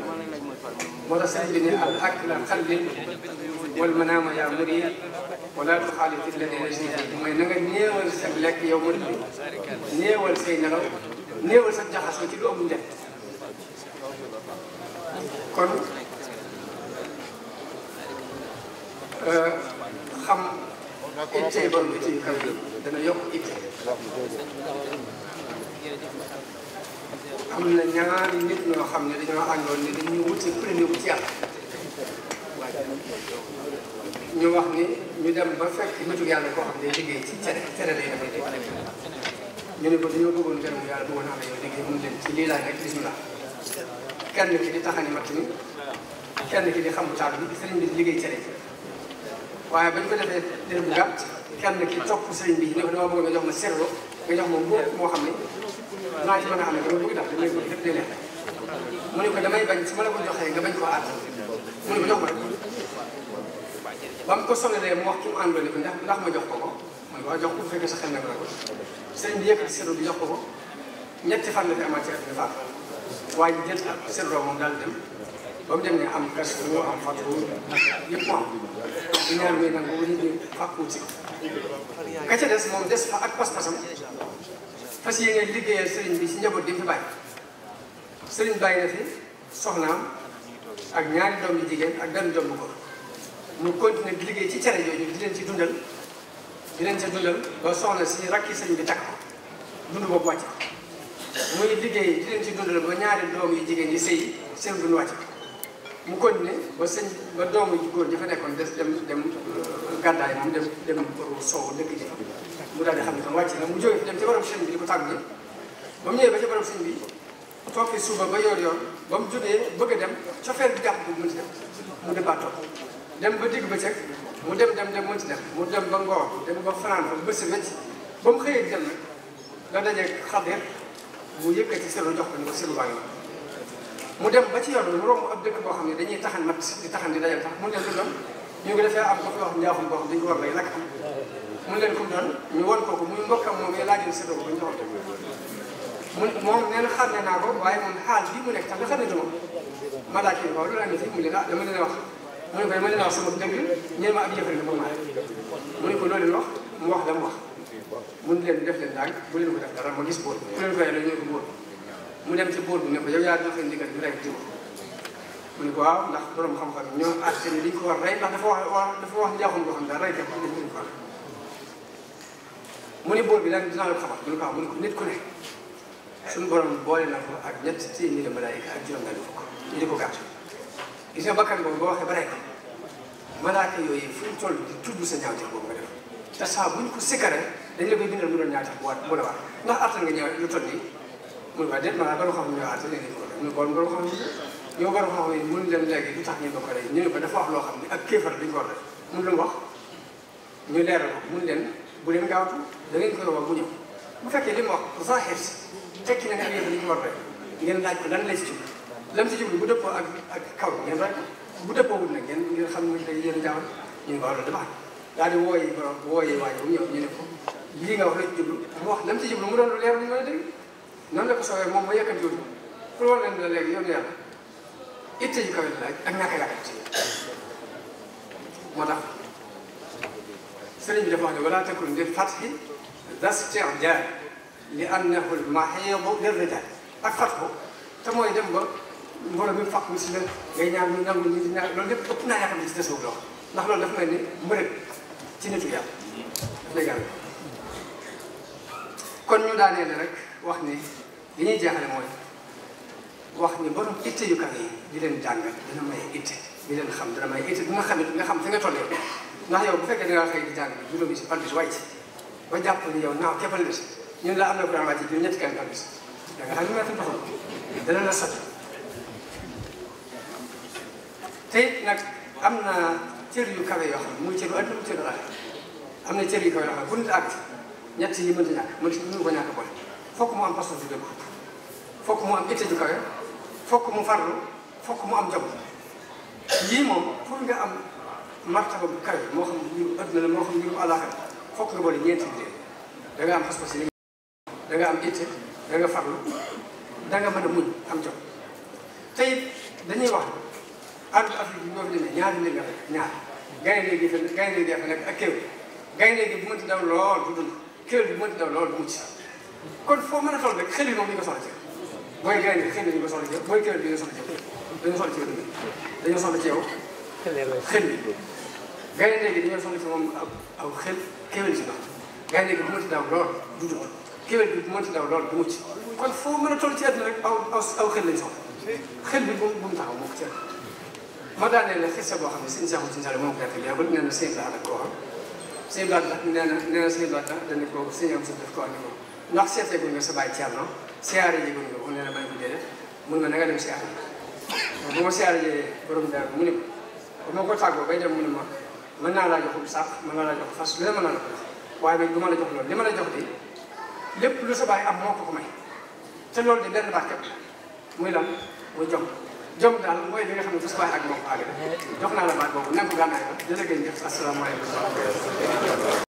moo tax sëñ bi ne al akla xalbi wal manaama yaa muri wala tuxaalit alladina jiitu mooy na nga néewal sa lekk yow murid bi néewal say nelaw néewal sa jaxasoo ci lu amul njëkk kon euh, xam ittee bon bi ci kaw dana yokk ittee am na ñaari nit ñoo xam ne dañoo àndoon ne dañuy wuti premier wu ci yàlla ñu wax ni ñu dem ba fekk nitu yàlla koo xam ne liggéey ci cere cere lay def ñu ne ko dañoo bëggoon gërëm yàlla bëggoon naa la yow liggéey mun leen ci lii laay rek bismillah kenn ki di taxani matt mi kenn ki di xamu bi sëriñ bi di liggéey cere waaye bañ ko defee dérëb bu gàtt kenn ki topp sëriñ bi ne ko dama bëgg nga jox ma serlo nga moo xam ne naa ci mën a amee dama bëgg ndax dañuy bëgg lépp day neex mu ne ko damay bañ su ma la ko joxee nga bañ koo ànd mu ne ko jox ma ko ba mu ko sonalee mu wax ki mu àndoo ne ko ndax ndax ma jox ko ko man waaw jox ko bu fekkee sa xel na ko sëñ bi yëkkati seeru bi jox ko ko ñetti fan la fi amaat ci at bi faat waaye jël seeru moom daal dem ba mu dem ne am pers bu am fàttu yëpp mu am ñaar muy nangu nit ñi fàkku ci ka ca des moom des fa ak pas-pasam fas yéene liggéeyal sëriñ bi si njaboot gi fi bàyyi sëriñ bàyyi na fi soxnaam ak ñaari doom yu jigéen ak benn doom bu góor mu continuer di liggéey ci cere yooyu di leen ci dundal di leen ci dundal ba soxna si rakki sëriñ bi takk ko dund boobu wàcc muy liggéey di leen ci dundal ba ñaari doom yu jigéen yi sëy seen dund wàcc mu continué ba sëñ ba doomu góor ji fa nekkoon des dem dem gàddaay mu dem dem soow dëkk ji mu daal di xam ne tam wàcc na mu jógee dem ci borom sëñ bi di ko tàggu ba mu ba ci borom sëñ bi toog fi suba ba yoor yoor ba mu jógee bëgg a dem cofeer bi jàpp bu mën ci dem mu départ toog dem ba digg bëccëg mu dem dem dem mën ci dem mu dem ba ngoor dem ba fanaan fa bés wecc ba mu xëyee dem nag la dajee xadir mu yëkkati selo jox ko ni ko selu mu dem ba ci yoon lu romb ab dëkk boo xam ne dañuy taxan mat di taxan di dajal tax mun leen ko doon ñu ngi defee am gox yoo xam njaaxum boo xam dañu ko war a bay lakk am mun leen ko doon ñu won kooku muy mbokkam moom ngay laajin séddoo ko ba ñu joxante mun moom nee na xam ne naa ko waaye mun xaal lii mu nekk tam dafa nekk moom ma laaj leen waaw loolu am na fii mu leen ah dama leen wax mu ne ko dama leen wax sama dëgg ñeen ma ab yëfal la moom mu ne ko loolu leen wax mu wax dama wax mun leen def leen daal bu leen ko def dara ma gis bóot bu leen ko yàlla ñu ko bóot mu dem ci buur bi ne ko yow yaa joxe ndigal ñu rey diw mu ne ko waaw ndax borom xam-xam ñoo àtte ni liñ ko war rey ndax dafa wax dafa wax njaaxum boo xam daal rey dafa dañ ko mu ne bool bi nag dinaa mu ne ko mu ne ko ku ne suñu boole na ak ñett téeméeri malaayika ak juróom-benn fukk ñu di ko gàtt gis nga bakkan boobu boo waxee ba rey ko malaaka yooyu fu ñu toll di tudd sa ñaawteef boobu nga def te saa bu ñu ko sikkaree dañ la koy bindal mu doon ñaawteef bu waat mu la waat ndax àttan nga ñëw lu toll nii mu ne ma def naa borom xam-xam ñëwaat rek ngeen ko def ñu bon borom xam yi yow borom xam yi mënuñ leen léegi lu tax ñu ba ko rey ñu ne ko dafa wax loo xam ne ak kéefar dañ ko war def mun leen wax ñu leeral ko mun leen bu leen gaawtu da ngeen koy wax bu ñëw bu fekkee li mu wax zahir si tekki na nga ak yëf li ñu war def ngeen laaj ko lan lay si jublu lan si jublu bu dëppoo ak ak kaw ngeen rek bu dëppoo wut nag ngeen ngeen xam ne day yéen jaawal ñu ne ko loolu dafa daal di wooyee borom wooyee waaye bu ñëw ñu ne ko lii nga wax la ci jublu mu wax lan si jublu mu doon lu leer lu ñu mën a dégg nan la ko sawee moom ba yàkkanti woon pour war leen la léegi yoonu yàlla itte ji kawe laaj ak ñàkk a yàkkanti moo tax sëriñ bi dafa wax ne wala takun lil fatxi dasti'jaal li annahu al mahiidu lirrijaal ak fatxu te mooy dem ba mbooloo mi fàq mi si la ngay ñaan ñu nangu ñu di ñaan loolu lépp ëpp naa yàkkamti ci desewul loxo ndax loolu dafa mel ni mbërëg ci nitu yàlla daf lay gàll kon ñu daanee ne rek wax ni li ñuy jaaxle mooy wax ni borom itte yu kawe yi di leen jàngal dina may itte di leen xam dina may itte bu nga xamit nga xam fi nga toll yow ndax yow bu fekkee da ngaa xëy di jàng juróomi si par ba jàpp ni yow naaw képpal bis ñun la am na Quran wàcc ñetti la sat te nag am na cër yu kawe yoo xam ne muy cëru adduna cëru àll am na cër yu kawe yoo xam ne bu nit àgg ñett yi mënta ñàkk mënta mënu fokk mu am pas-pas bu fokk mu am itte ju fokk mu farlu fokk mu am jom yii moom pour nga am martaba bu kawe moo xam mbiru adduna la moo xam mbiru àllaaxira fokk nga ñeenti liggéey da am pas-pas yi da am itte da nga farlu da nga mën am jom dañuy wax ànd Afrique bi ñoo fi demee ñaari mbir nga fekk ñaar gaynde gi fa gaynde gi fa nekk ak kéwél gaynde gi bu mënti daw lool du dund kéwél bi bu mënti daw lool du mucc kon foo mën a toll rek xel moom ñu ko soxla ci mooy graine bi xëy na ñu ko soxla ci yow mooy kër bi dañoo soxla ci yow dañoo soxla ci yow dañoo soxla ci yow xel bi gaynde gi dañoo soxla ci moom aw xel kéwél ci ndox gaynde gi bu mënti daaw lool du dugg kéwél bi bu mënti daaw lool du mucc kon foo mën a toll ci àdduna rek aw aw xel lañ soxla xel bi bu mu taxaw moo ko ci ma daaneel la xisa boo xam ne seen saxu seen sale moo ko defal yàggul nee na seen laata koo xam seen laata nee na nee na seen laata dañ ko seen yoon si def ko andi ko ndax seetee nga sa bàyyi Thierno siyaare ji ba mu ne la bay bi déedéet mun na na nga dem siyaare ji bu ma siyaare ji borom daal mu ne ko ma ko tàggoo bay dem mu ne ma mën naa laa jox sax mën naa laa jox fas lu ne mën naa la ko waaye nag du ma la jox loolu li ma la jox di lépp lu sa baay am moo ko ko may te loolu di benn baax képp muy lan muy jom jom daal mooy li nga xam ne bu sa baay ak moo ko àggale jox naa la baat boobu nekk gànnaay la jërëjëf asalaamaaleykum